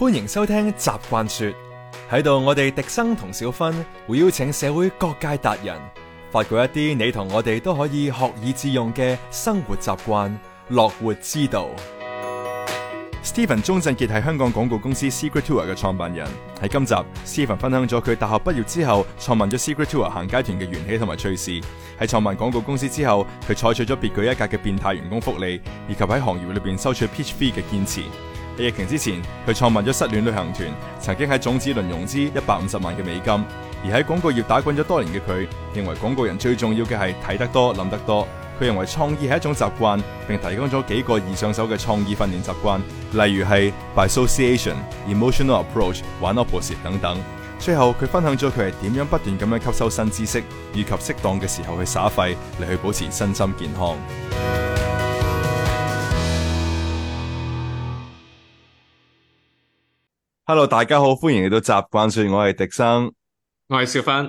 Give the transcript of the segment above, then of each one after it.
歡迎收聽習慣說，喺度我哋迪生同小芬會邀請社會各界達人，發掘一啲你同我哋都可以學以致用嘅生活習慣、樂活之道。Stephen 鍾振傑係香港廣告公司 Secret Tour 嘅創辦人，喺今集 Stephen 分享咗佢大學畢業之後創辦咗 Secret Tour 行街團嘅緣起同埋趣事。喺創辦廣告公司之後，佢採取咗別具一格嘅變態員工福利，以及喺行業裏邊收取 pitch fee 嘅堅持。喺疫情之前，佢創辦咗失戀旅行團，曾經喺種子輪融資一百五十萬嘅美金。而喺廣告業打滾咗多年嘅佢，認為廣告人最重要嘅係睇得多、諗得多。佢認為創意係一種習慣，並提供咗幾個易上手嘅創意訓練習慣，例如係 Bi-sociation、Emotional approach、玩 Opposite 等等。最後，佢分享咗佢係點樣不斷咁樣吸收新知識，以及適當嘅時候去耍廢，嚟去保持身心健康。Hello，大家好，歡迎嚟到習慣說，我係迪生，我係小芬。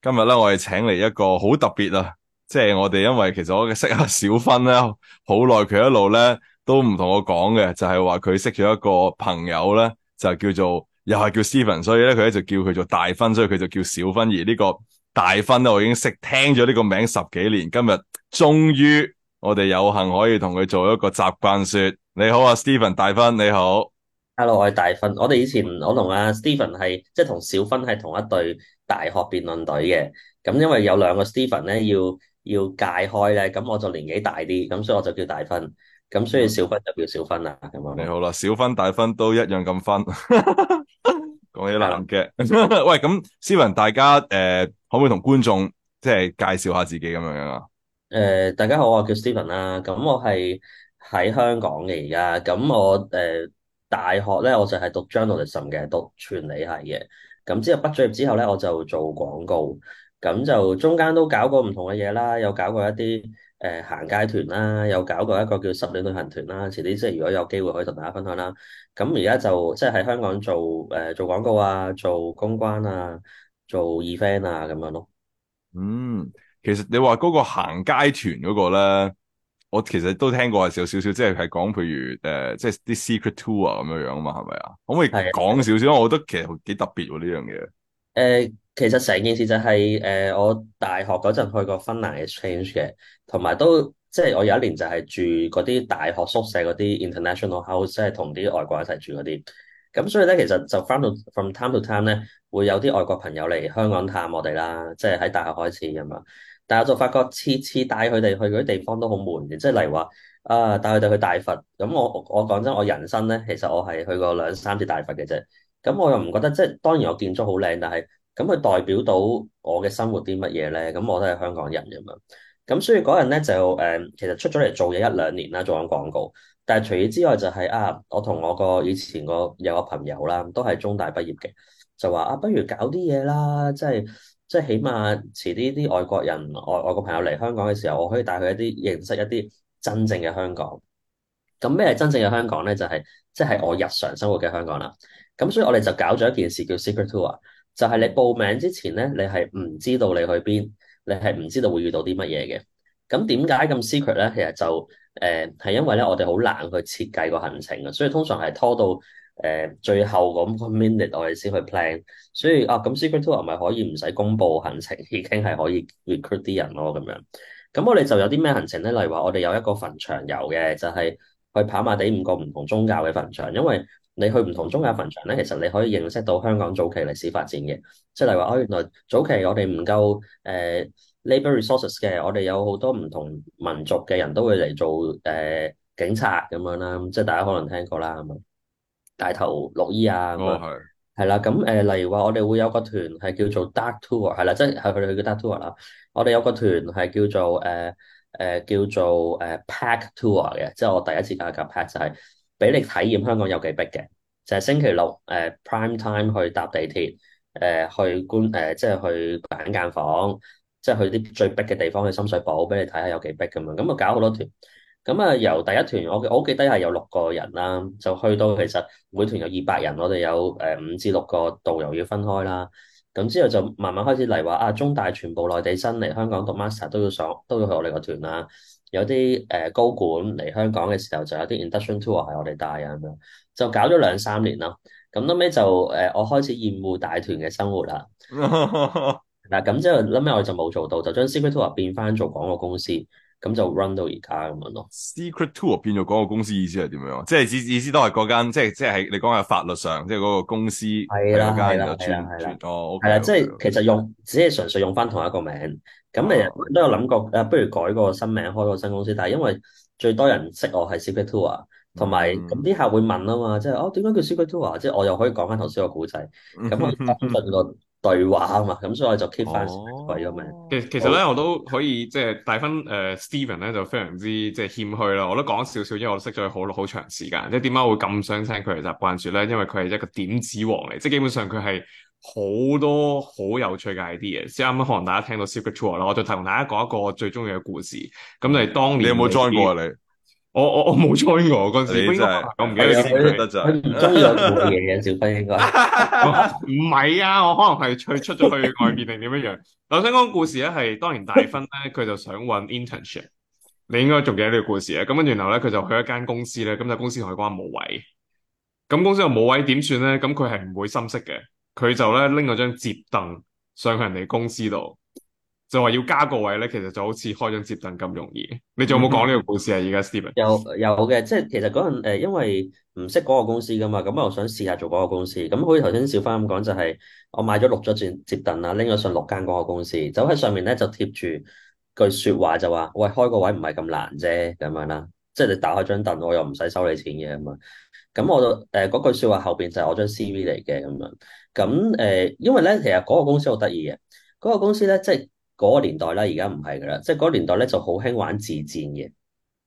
今日咧我哋請嚟一個好特別啊，即係我哋因為其實我嘅識下小芬咧，好耐佢一路咧都唔同我講嘅，就係話佢識咗一個朋友咧，就叫做又係叫 Stephen，所以咧佢咧就叫佢做大芬，所以佢就叫小芬。而呢個大芬咧我已經識聽咗呢個名十幾年，今日終於我哋有幸可以同佢做一個習慣說，你好啊 Stephen，大芬，你好。Hello，我係大芬。我哋以前我同阿 Stephen 係即係、就、同、是、小芬係同一隊大學辯論隊嘅，咁因為有兩個 Stephen 咧要要界開咧，咁我就年紀大啲，咁所以我就叫大芬。咁所以小芬就叫小芬啦。咁啊，你好啦，小芬，大芬都一樣咁分，講 起難嘅。 喂，咁 Stephen，大家誒、呃、可唔可以同觀眾即係介紹下自己咁樣啊？誒、呃，大家好，我叫 Stephen 啦、啊，咁、嗯、我係喺香港嘅而家，咁、嗯、我誒。呃大學咧，我就係讀 journalism 嘅，讀傳理系嘅。咁之後畢咗業之後咧，我就做廣告。咁就中間都搞過唔同嘅嘢啦，有搞過一啲誒、呃、行街團啦，有搞過一個叫失戀旅行團啦。遲啲即係如果有機會可以同大家分享啦。咁而家就即係喺香港做誒、呃、做廣告啊，做公關啊，做 event 啊咁樣咯。嗯，其實你話嗰個行街團嗰個咧。我其實都聽過啊，少少即係係講，譬如誒、呃，即係啲 secret tour 啊咁樣樣啊嘛，係咪啊？可唔可以講少少？的我覺得其實幾特別喎呢樣嘢。誒、呃，其實成件事就係、是、誒、呃，我大學嗰陣去過芬蘭 exchange 嘅，同埋都即係我有一年就係住嗰啲大學宿舍嗰啲 international house，即係同啲外國一齊住嗰啲。咁所以咧，其實就 from to, from time to time 咧，會有啲外國朋友嚟香港探我哋啦，即係喺大學開始咁樣。但係我就發覺次次帶佢哋去嗰啲地方都好悶嘅，即係例如話啊、呃、帶佢哋去大佛，咁我我講真，我人生咧其實我係去過兩三次大佛嘅啫，咁我又唔覺得即係當然，我建築好靚，但係咁佢代表到我嘅生活啲乜嘢咧？咁我都係香港人咁樣，咁所以嗰陣咧就誒、呃，其實出咗嚟做嘢一兩年啦，做緊廣告，但係除此之外就係、是、啊，我同我個以前個有個朋友啦，都係中大畢業嘅，就話啊，不如搞啲嘢啦，即係。即係起碼遲啲啲外國人外外國朋友嚟香港嘅時候，我可以帶佢一啲認識一啲真正嘅香港。咁咩係真正嘅香港咧？就係即係我日常生活嘅香港啦。咁所以我哋就搞咗一件事叫 Secret Tour，就係你報名之前咧，你係唔知道你去邊，你係唔知道會遇到啲乜嘢嘅。咁點解咁 Secret 咧？其實就誒係、呃、因為咧我哋好難去設計個行程啊，所以通常係拖到，誒、呃、最後咁個 minute，我哋先去 plan，所以啊咁 secret tour 咪可以唔使公佈行程，已經係可以 recruit 啲人咯。咁樣咁我哋就有啲咩行程咧？例如話，我哋有一個墳場遊嘅，就係、是、去跑馬地五個唔同宗教嘅墳場。因為你去唔同宗教墳場咧，其實你可以認識到香港早期歷史發展嘅，即係例如話哦，原來早期我哋唔夠誒、呃、labor resources 嘅，我哋有好多唔同民族嘅人都會嚟做誒、呃、警察咁樣啦。即係大家可能聽過啦咁啊。大頭綠衣啊咁樣，係啦咁誒，例如話我哋會有個團係叫做 Dark Tour，係啦、就是呃，即係係佢哋去嘅 Dark Tour 啦。我哋有個團係叫做誒誒叫做誒 Pack Tour 嘅，即係我第一次加入 Pack 就係俾你體驗香港有幾逼嘅，就係、是、星期六誒、呃、Prime Time 去搭地鐵誒、呃、去觀誒、呃，即係去板間房，即係去啲最逼嘅地方去深水埗俾你睇下有幾逼咁樣，咁啊搞好多團。咁啊，由第一團我我好記得係有六個人啦，就去到其實每團有二百人，我哋有誒五至六個導遊要分開啦。咁之後就慢慢開始嚟話啊，中大全部內地生嚟香港讀 master 都要上，都要去我哋個團啦。有啲誒高管嚟香港嘅時候，就有啲 induction tour 係我哋帶啊咁樣，就搞咗兩三年啦。咁後尾就誒、啊、我開始厭惡大團嘅生活啦。嗱咁 之後後尾我就冇做到，就將 Secret Tour 變翻做廣告公司。咁就 run 到而家咁樣咯。Secret Tour 變咗嗰個公司意思係點樣？即係意意思都係嗰間，即係即係你講嘅法律上，即係嗰個公司係啦，係啦的，係啦，係啦，係啦、哦 okay, okay，即係其實用只係純粹用翻同一個名。咁誒都有諗過誒，不如改個新名開個新公司，但係因為最多人識我係 Secret Tour 同埋咁啲、嗯、客會問啊嘛，即係哦點解叫 Secret Tour 即係我又可以講翻頭先個古仔，咁我法律。 對話啊嘛，咁所以我就 keep 翻為咗咩？Like, 其實其實咧，好我都可以即係大分誒、uh, Stephen 咧，就非常之即係、就是、謙虛啦。我都講少少，因為我識咗佢好好長時間。即係點解會咁想聽佢哋習慣說咧？因為佢係一個點子王嚟，即係基本上佢係好多好有趣嘅 idea。啱啱可能大家聽到 Secret Tour 啦，我再同大家講一個最中意嘅故事。咁就係當年你，你有冇 join 過啊？你？我我我冇追我嗰陣時，我唔、啊、記得咗。得咋，佢唔追就冇嘢嘅，小芬應該唔係啊。我可能係退出咗去，去外面定點樣樣。我想講故事咧，係當年大芬咧，佢就想揾 internship。你應該仲記得呢個故事啊？咁跟住然後咧佢就去一間公司咧，咁就公司同佢講冇位。咁公司又冇位點算咧？咁佢係唔會心息嘅，佢就咧拎咗張折凳上去人哋公司度。就話要加個位咧，其實就好似開張摺凳咁容易。你仲有冇講呢個故事啊？而家 Stephen 有有嘅，即係其實嗰陣因為唔識嗰個公司噶、啊嗯呃、嘛，咁我想試下做嗰個公司。咁好似頭先小芬咁講，就係、是、我買咗六張摺凳啦，拎咗上六間嗰個公司，走喺上面咧就貼住句説話就說，就話喂開個位唔係咁難啫咁樣啦。即係你打開張凳，我又唔使收你錢嘅咁啊。咁我就，嗰、呃、句説話後邊就係我張 CV 嚟嘅咁樣。咁誒、呃，因為咧其實嗰個公司好得意嘅，嗰、那個公司咧即係。嗰個年代啦，而家唔係㗎啦，即係嗰、嗰個年代咧就好興玩自薦嘅，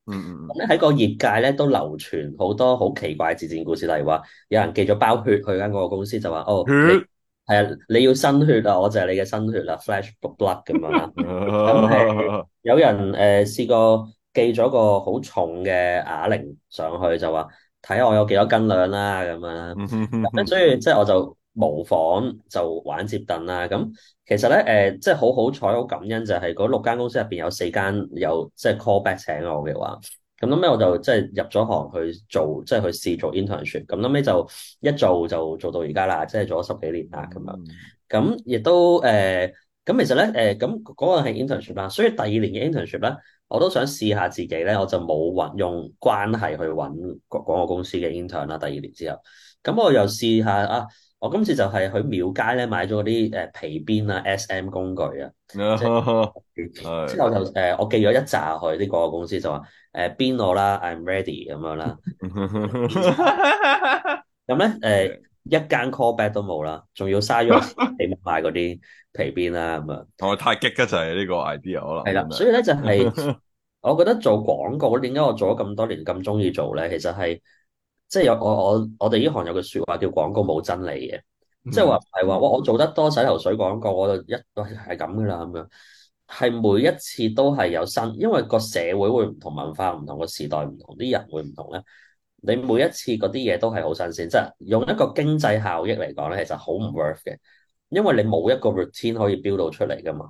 嗯，咁咧喺個業界咧都流傳好多好奇怪自薦故事，例如話有人寄咗包血去間嗰個公司就話，哦，係啊，你要新血啊，我就係你嘅新血啦，Flash Blood 咁樣啦、 嗯，有人誒、呃、試過寄咗個好重嘅啞鈴上去就話，睇下我有幾多斤兩啦咁樣啦，咁、 嗯、所以即係我就，模仿就玩接凳啦，咁其實咧誒、呃，即係好好彩，好感恩就係嗰六間公司入邊有四間有即係 call back 請我嘅話，咁後尾我就即係入咗行去做，即係去試做 internship，咁後尾就一做就做到而家啦，即係做咗十幾年啦咁樣，咁亦都誒，咁、呃、其實咧誒，咁、呃、嗰、那個係 internship 啦，所以第二年嘅 internship 咧，我都想試下自己咧，我就冇運用關係去揾廣告公司嘅 intern 啦，第二年之後，咁我又試下啊。我今次就係去廟街咧買咗嗰啲誒皮鞭啊，S.M. 工具啊、 就是，之後就誒我寄咗一扎去啲廣告公司就話誒、呃、鞭我啦，I'm ready 咁樣啦，咁咧誒一間 call back 都冇啦，仲要嘥咗幾萬塊嗰啲皮鞭啦咁同我太激噶就係呢個 idea 可能係啦， 所以咧就係我覺得做廣告點解我做咗咁多年咁中意做咧，其實係。即係有我我我哋呢行有句說話叫廣告冇真理嘅，即係話係話我我做得多洗頭水廣告，我就一係咁噶啦咁樣，係每一次都係有新，因為個社會會唔同、文化唔同、個時代唔同、啲人會唔同咧。你每一次嗰啲嘢都係好新鮮，即係用一個經濟效益嚟講咧，其實好唔 worth 嘅，因為你冇一個 routine 可以 build 到出嚟噶嘛。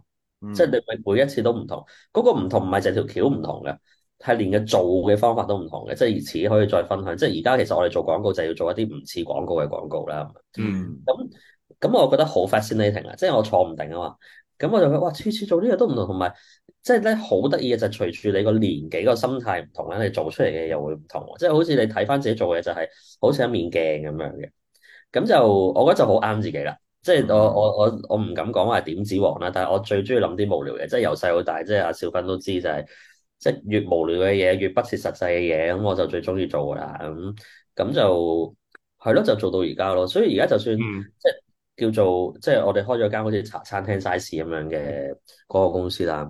即係、嗯、你每每一次都唔同，嗰、嗰個唔同唔係就條橋唔同嘅。係連嘅做嘅方法都唔同嘅，即係如此可以再分享。即係而家其實我哋做廣告就係要做一啲唔似廣告嘅廣告啦。嗯。咁咁咁，我覺得好 fascinating 啊！即係我坐唔定啊嘛。咁我就話哇，次次做呢樣都唔同，同埋即係咧好得意嘅就係隨住你個年紀、個心態唔同咧，你做出嚟嘅又會唔同。即係好似你睇翻自己做嘅就係好似一面鏡咁樣嘅。咁就我覺得就好啱自己啦。即係我我我我唔敢講話係點子王啦，但係我最中意諗啲無聊嘅，即係由細到大，即係阿小芬都知就係、是。即係越無聊嘅嘢，越不切實際嘅嘢，咁我就最中意做噶啦。咁咁就係咯，就做到而家咯。所以而家就算、嗯、即係叫做即係我哋開咗間好似茶餐廳 size 咁樣嘅嗰個公司啦，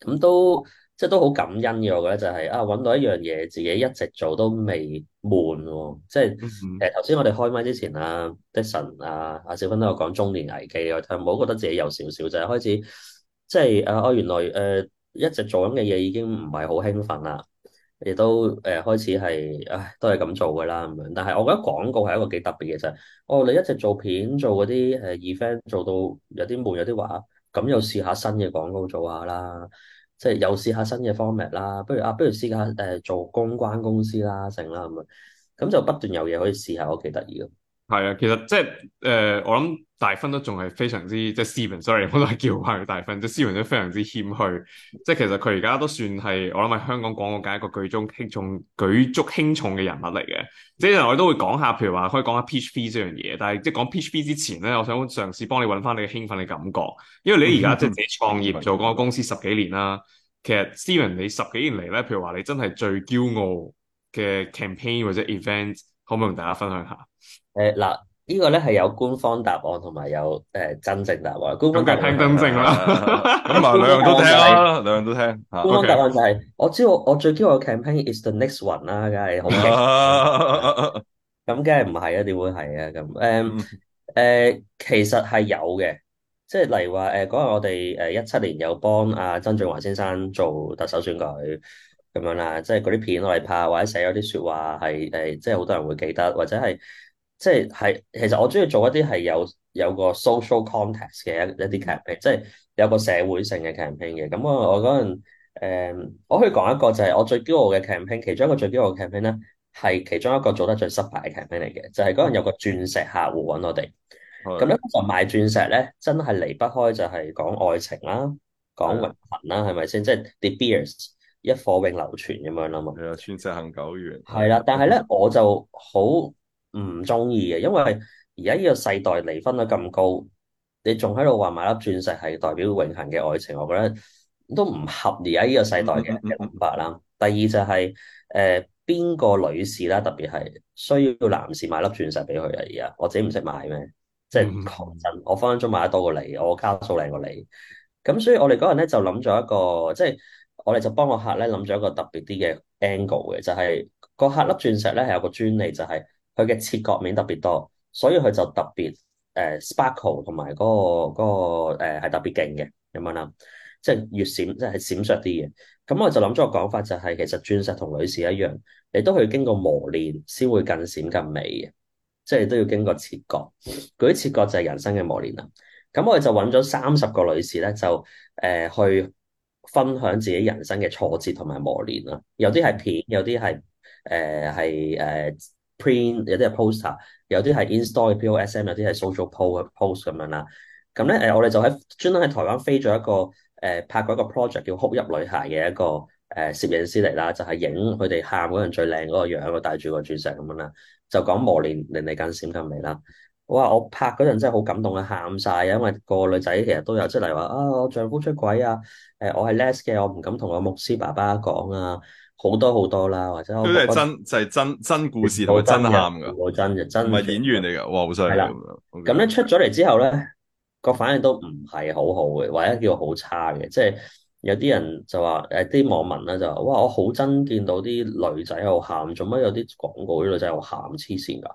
咁都即係都好感恩嘅。我覺得就係、是、啊，搵到一樣嘢自己一直做都未悶、哦，即係誒頭先我哋開麥之前啊，廸生啊，阿、啊、小芬都有講中年危機嘅，就唔好覺得自己有少少就係、是、開始即係啊我原來誒。呃一直做緊嘅嘢已經唔係好興奮啦，亦都誒、呃、開始係，唉，都係咁做㗎啦咁樣。但係我覺得廣告係一個幾特別嘅啫、就係。哦，你一直做片做嗰啲誒 event 做到有啲悶有啲滑，咁又試下新嘅廣告做下啦，即係又試下新嘅 format 啦。不如啊，不如試下誒做公關公司啦，成啦咁樣，咁就不斷有嘢可以試下，我幾得意嘅。係啊，其實即係誒，我諗大芬都仲係非常之即係 Stephen Sorry，我都係叫翻佢大芬， 即係 Stephen 都非常之謙虛。即係其實佢而家都算係我諗喺香港廣告界一個舉足輕重舉足輕重嘅人物嚟嘅。即係我哋都會講下，譬如話可以講下 pitch fee 呢樣嘢。但係即係講 pitch fee 之前咧，我想嘗試幫你搵翻你嘅興奮嘅感覺，因為你而家即係自己創業做廣告公司十幾年啦。其實 Stephen 你十幾年嚟咧，譬如話你真係最驕傲嘅 campaign 或者 events，可唔可以同大家分享下？誒嗱，呃這個、呢個咧係有官方答案同埋有誒、呃、真正答案。官方係、就是、聽真正啦，咁 啊，啊 兩樣都聽啦， 兩樣都聽。官方答案就係，我知道我最驕傲嘅 campaign is the next one 啦，梗係好驚。咁梗係唔係啊？點會係啊？咁誒誒，其實係有嘅，即係例如話誒嗰日我哋誒一七年有幫阿、啊、曾俊華先生做特首選舉咁樣啦，即係嗰啲片我哋拍，或者寫咗啲說話係誒、呃，即係好多人會記得，或者係。即係，其實我中意做一啲係有有個 social context 嘅一一啲 campaign，即係有個社會性嘅 campaign 嘅。咁我我嗰陣我可以講一個就係、是、我最驕傲嘅 campaign，其中一個最驕傲嘅 campaign 咧，係其中一個做得最失敗嘅 campaign 嚟嘅，就係嗰陣有個鑽石客戶揾我哋。咁咧、嗯、就賣鑽石咧，真係離不開就係講愛情啦、啊，講永恆啦、啊，係咪先？即係、就是、De Beers 一顆永流傳咁樣啦嘛。係啊、嗯，鑽石恒久遠。係啦、嗯，但係咧、嗯、我就好，唔中意嘅，因為而家呢個世代離婚率咁高，你仲喺度話買粒鑽石係代表永恆嘅愛情，我覺得都唔合而家呢個世代嘅諗法啦。嗯嗯、第二就係誒邊個女士啦，特別係需要男士買粒鑽石俾佢啊，而家，我自己唔識買咩，嗯、即係講真，嗯、我分分鐘買得多過你，我交數靚過你。咁所以我哋嗰日咧就諗咗一個，即、就、係、是、我哋就幫個客咧諗咗一個特別啲嘅 angle 嘅，就係個客粒鑽石咧係有個專利就係。佢嘅切割面特別多，所以佢就特別誒、呃、sparkle 同埋嗰、個嗰、個係、呃、特別勁嘅，有冇啦？即係越閃即係閃爍啲嘅。咁我就諗咗個講法，就係，就係其實鑽石同女士一樣，你都去經過磨練先會更閃更美嘅，即係都要經過切割。嗰啲切割就係人生嘅磨練啦。咁我哋就揾咗三十個女士咧，就誒、呃、去分享自己人生嘅挫折同埋磨練啦。有啲係片，有啲係誒係誒。呃 print 有啲係 poster，有啲係 install 嘅 posm，有啲係 social post post 咁樣啦。咁咧誒，我哋就喺專登喺台灣飛咗一個誒、呃、拍過一個 project 叫哭泣女孩嘅一個誒、呃、攝影師嚟啦，就係影佢哋喊嗰陣最靚嗰個樣，戴住個鑽石咁樣啦。就講磨練令你更閃更美啦。哇！我拍嗰陣真係好感動啊，喊晒！啊，因為個女仔其實都有即係例如話啊，我丈夫出軌啊，誒、呃、我係 les 嘅我唔敢同我牧師爸爸講啊。好多好多啦，或者都係真，者真，就係、是、真真故事同真喊噶，唔係演員嚟噶，哇，好犀利！咁咧出咗嚟之後咧，個反應都唔係好好嘅，或者叫好差嘅，即係有啲人就話誒，啲網民咧就話哇，我好憎見到啲女仔又喊，做乜有啲廣告啲女仔又喊黐線噶？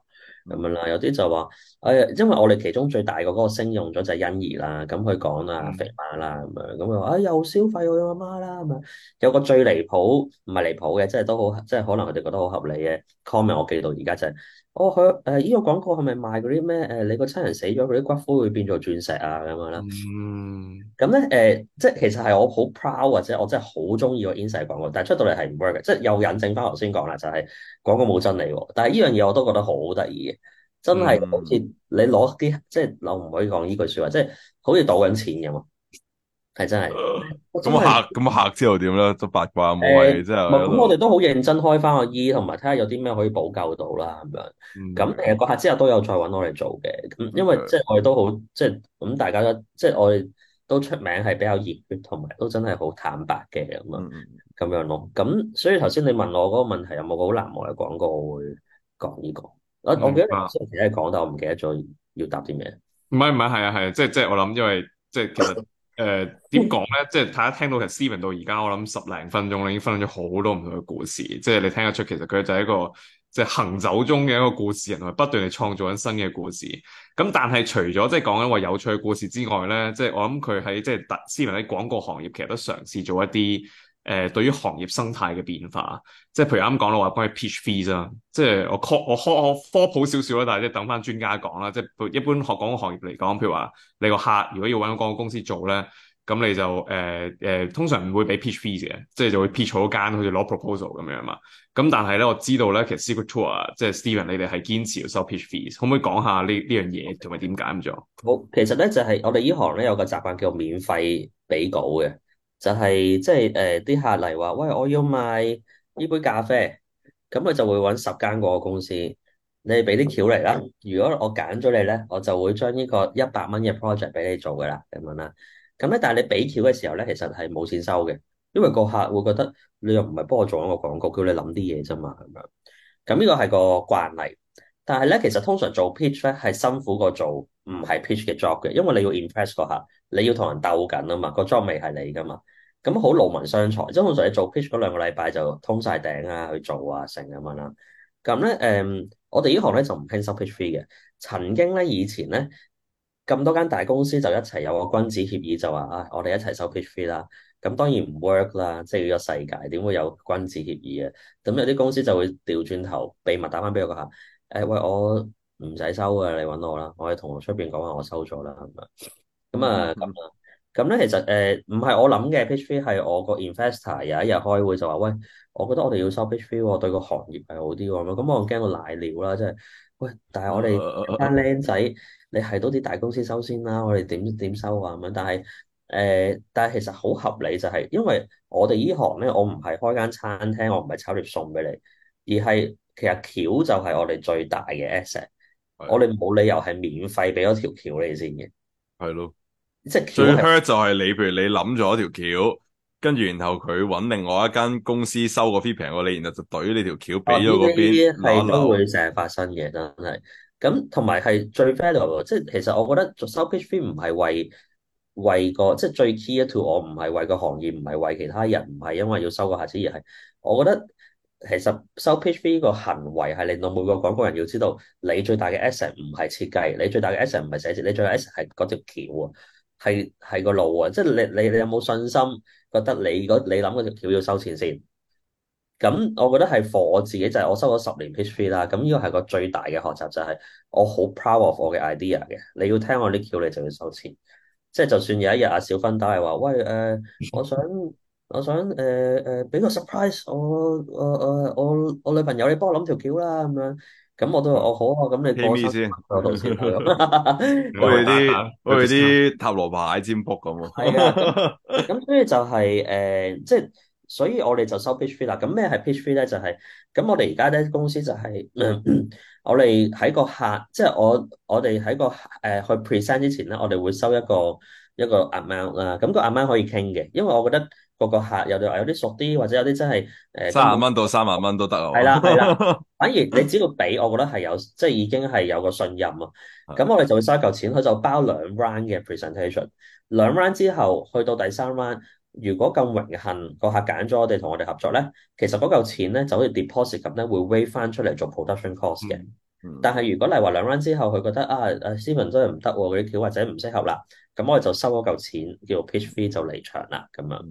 咁樣啦，有啲就話，誒、哎，因為我哋其中最大嘅嗰個聲用咗就係欣宜啦，咁佢講啊，肥媽啦，咁樣，咁佢話，啊，又消費我阿媽啦，咁樣，有個最離譜，唔係離譜嘅，即係都好，即係可能佢哋覺得好合理嘅 comment，我記到而家就係。哦，佢誒呢個廣告係咪賣嗰啲咩？誒、呃，你個親人死咗，佢啲骨灰會變做鑽石啊咁樣啦。嗯，咁咧誒，即係其實係我好 proud 或者我真係好中意個 insight 廣告，但係出到嚟係唔 work 嘅，即係又引證翻頭先講啦，就係、是、廣告冇真理喎。但係呢樣嘢我都覺得好得意嘅，真係好似 你攞啲即係我唔可以講呢句説話，即係好似賭緊錢咁係真係，咁、嗯嗯、客咁客之後點咧？都八卦冇係，真係。咁、嗯、我哋都好認真開翻個醫，同埋睇下有啲咩可以補救到啦。咁樣，咁其實個客之後都有再搵我哋做嘅。咁因為即係我哋都好，即係咁大家都即係我哋都出名係比較熱血，同埋都真係好坦白嘅咁樣，咁樣咯。咁所以頭先你問我嗰個問題，有冇個好難忘嘅廣告會講呢個？我我記得我前一講，但係我唔記得咗要答啲咩。唔係唔係，係啊係啊，即係即係我諗，因為即係其實。誒，點講呢？即係大家聽到其實 Stephen 到而家，我諗十零分鐘咧，已經分享咗好多唔同嘅故事。即係你聽得出，其實佢就係一個即係行走中嘅一個故事人，係不斷地創造緊新嘅故事。咁但係除咗即係講緊一個有趣嘅故事之外呢，即係我諗佢喺即係 Stephen 喺廣告行業，其實都嘗試做一啲。誒、呃、對於行業生態嘅變化，即係譬如啱講到話關於 pitch fees 啊，即係我科我科我科普少少啦，但係即係等翻專家講啦，即係一般學廣告行業嚟講，譬如話你個客如果要揾廣告公司做咧，咁你就誒誒、呃呃、通常唔會俾 pitch fees 嘅，即係就會 pitch 咗間好似攞 proposal 咁樣嘛。咁但係咧我知道咧，其實 Secret Tour 即係 Stephen，你哋係堅持要收 pitch fees，可唔可以講下呢呢樣嘢同埋點解咁做？好，其實咧就係、是、我哋呢行咧有個習慣叫免費俾稿嘅。就係、是、即係誒，啲、呃、客嚟話，喂，我要賣呢杯咖啡，咁佢就會揾十間嗰個公司，你俾啲橋嚟啦。如果我揀咗你咧，我就會將呢個一百蚊嘅 project 俾你做噶啦，咁樣啦。咁咧，但係你俾橋嘅時候咧，其實係冇錢收嘅，因為個客會覺得你又唔係幫我做一個廣告，叫你諗啲嘢啫嘛，咁樣。咁呢個係個慣例。但係咧，其實通常做 pitch 咧係辛苦過做唔係 pitch 嘅 job 嘅，因為你要 impress 個客，你要同人鬥緊啊嘛，個 job 未係你噶嘛，咁好勞民傷財。即係通常你做 pitch 嗰兩個禮拜就通晒頂啊，去做啊成咁樣啦。咁咧誒，我哋呢行咧就唔興收 pitch fee 嘅。曾經咧以前咧咁多間大公司就一齊有個君子協議就，就話啊，我哋一齊收 pitch fee 啦。咁當然唔 work 啦，即係依個世界點會有君子協議啊？咁有啲公司就會掉轉頭，秘密打翻俾個客。誒喂，我唔使收噶，你揾我啦。我喺同學出邊講話，我收咗啦，係咪？咁啊，咁啊，咁咧，其實誒，唔、呃、係我諗嘅，pitch fee 係我個 investor 有一日開會就話，喂，我覺得我哋要收 pitch fee，對個行業係好啲咁。咁我驚個奶料啦，即係喂，但係我哋班僆仔， 你係到啲大公司收先啦，我哋點點收啊咁樣？但係誒，但係、呃、其實好合理就係、是，因為我哋呢行咧，我唔係開間餐廳，我唔係炒碟餸俾你，而係。其實橋就係我哋最大嘅 asset，的我哋冇理由係免費俾咗條橋你先嘅，係咯的，即係最 hurt 就係你，譬如你諗咗條橋，跟住然後佢揾另外一間公司收個 fee 平過你，然後就懟呢條橋俾咗嗰邊，係都會成日發生嘅，真係。咁同埋係最 valuable，即係其實我覺得收 pitch fee 唔係為為個即係最 key to 我唔係為個行業，唔係為其他人，唔係因為要收個客錢而係，我覺得。其實收 pitch fee 個行為係令到每個廣告人要知道你，你最大嘅 asset 唔係設計，你最大嘅 asset 唔係寫字，你最大嘅 asset 係嗰條橋啊，係，係個路啊，即係你你你有冇信心覺得你嗰你諗嗰條橋要收錢先？咁我覺得係火，我自己就係、是、我收咗十年 pitch fee 啦。咁呢個係個最大嘅學習就係、是、我好 proud of 我嘅 idea 嘅。你要聽我啲橋，你就要收錢。即係就算有一日阿小芬打嚟話喂，誒、呃，我想。我想誒誒俾個 surprise 我我我我我女朋友你幫我諗條橋啦咁樣，咁我都話我好啊，咁你過先，我哋啲我哋啲塔羅牌占卜咁啊，係啊，咁所以就係、是、誒、呃、即係，所以我哋就收 pitch fee 啦。咁咩係 pitch fee 咧？就係、是、咁我哋而家咧公司就係、是、我哋喺個客，即係我我哋喺個誒、呃、去 present 之前咧，我哋會收一個一個 amount 啦。咁個 amount 可以傾嘅，因為我覺得。個個客有啲有啲熟啲，或者有啲真係誒三萬蚊到三萬蚊都得啊！係啦係啦， 反而你只要俾我覺得係有即係、就是、已經係有個信任啊。咁我哋就會收嚿錢，佢就包兩 round 嘅 presentation。兩 round 之後去到第三 round，如果咁榮幸個客揀咗我哋同我哋合作咧，其實嗰嚿錢咧就好似 deposit 咁咧，會 wait 翻出嚟做 production cost 嘅。嗯。但係如果例如話兩 round 之後佢覺得啊誒，Stephen 真係唔得，嗰啲橋或者唔適合啦，咁我就收咗嚿錢，叫 pitch fee 就離場啦咁樣。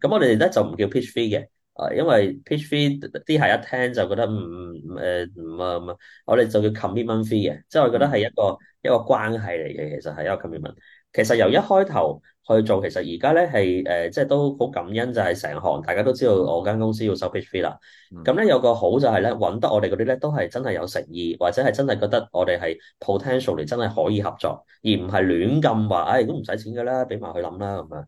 咁我哋咧就唔叫 pitch fee 嘅，啊，因為 pitch fee 啲客一聽就覺得唔誒唔啊唔啊，我哋就叫 commitment fee 嘅，即係我覺得係一個一個關係嚟嘅，其實係一個 commitment。其實由一開頭。去做其實而家咧係誒，即係都好感恩，就係、是、成行大家都知道我間公司要收 pitch fee 啦。咁咧、嗯、有個好就係咧，揾得我哋嗰啲咧都係真係有誠意，或者係真係覺得我哋係 potential 嚟，真係可以合作，而唔係亂咁話，唉、哎、都唔使錢㗎啦，俾埋去諗啦咁樣。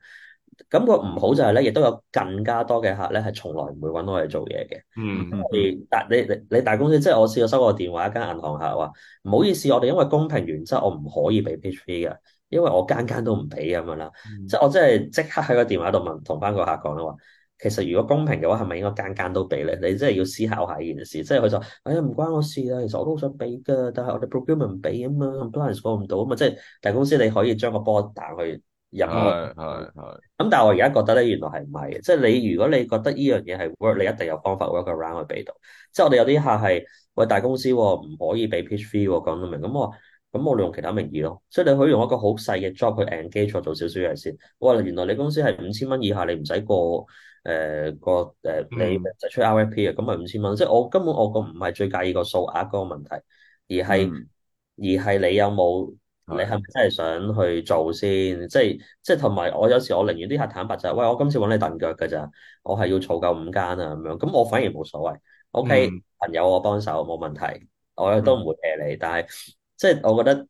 感覺唔好就係咧，亦都有更加多嘅客咧係從來唔會揾我哋做嘢嘅。嗯嗯。而你你你大公司，即係我試過收過電話一間銀行客話，唔好意思，我哋因為公平原則，我唔可以俾 pitch fee 嘅。因為我間間都唔俾咁樣啦，嗯、即係我真係即刻喺個電話度問同翻個客講啦話，其實如果公平嘅話，係咪應該間間都俾咧？你真係要思考下呢件事。即係佢就，哎呀唔關我事啦，其實我都好想俾㗎，但係我哋 procurement 唔俾啊嘛，咁多人過唔到啊嘛，即係大公司你可以將個波彈去入去。係係係咁但係我而家覺得咧，原來係唔係？即係你如果你覺得呢樣嘢係 work，你一定有方法 work around 去俾到。即係我哋有啲客係，喂大公司唔、哦、可以俾 pitch fee 喎，講到明？咁我。咁我用其他名義咯，所以你可以用一個好細嘅 job 去 engage 做少少嘢先。哇！原來你公司係五千蚊以下，你唔使過誒個誒，你唔使出 RFP 啊，咁咪五千蚊。即係我根本我個唔係最介意個數額嗰個問題，而係、嗯、而係你有冇，你係咪真係想去做先？的即係即係同埋我有時我寧願啲客坦白就係，喂，我今次揾你蹬腳㗎咋，我係要儲夠五間啊咁樣。咁我反而冇所謂，OK、嗯、朋友我幫手冇問題，我亦都唔會謝你，但係，即係我覺得，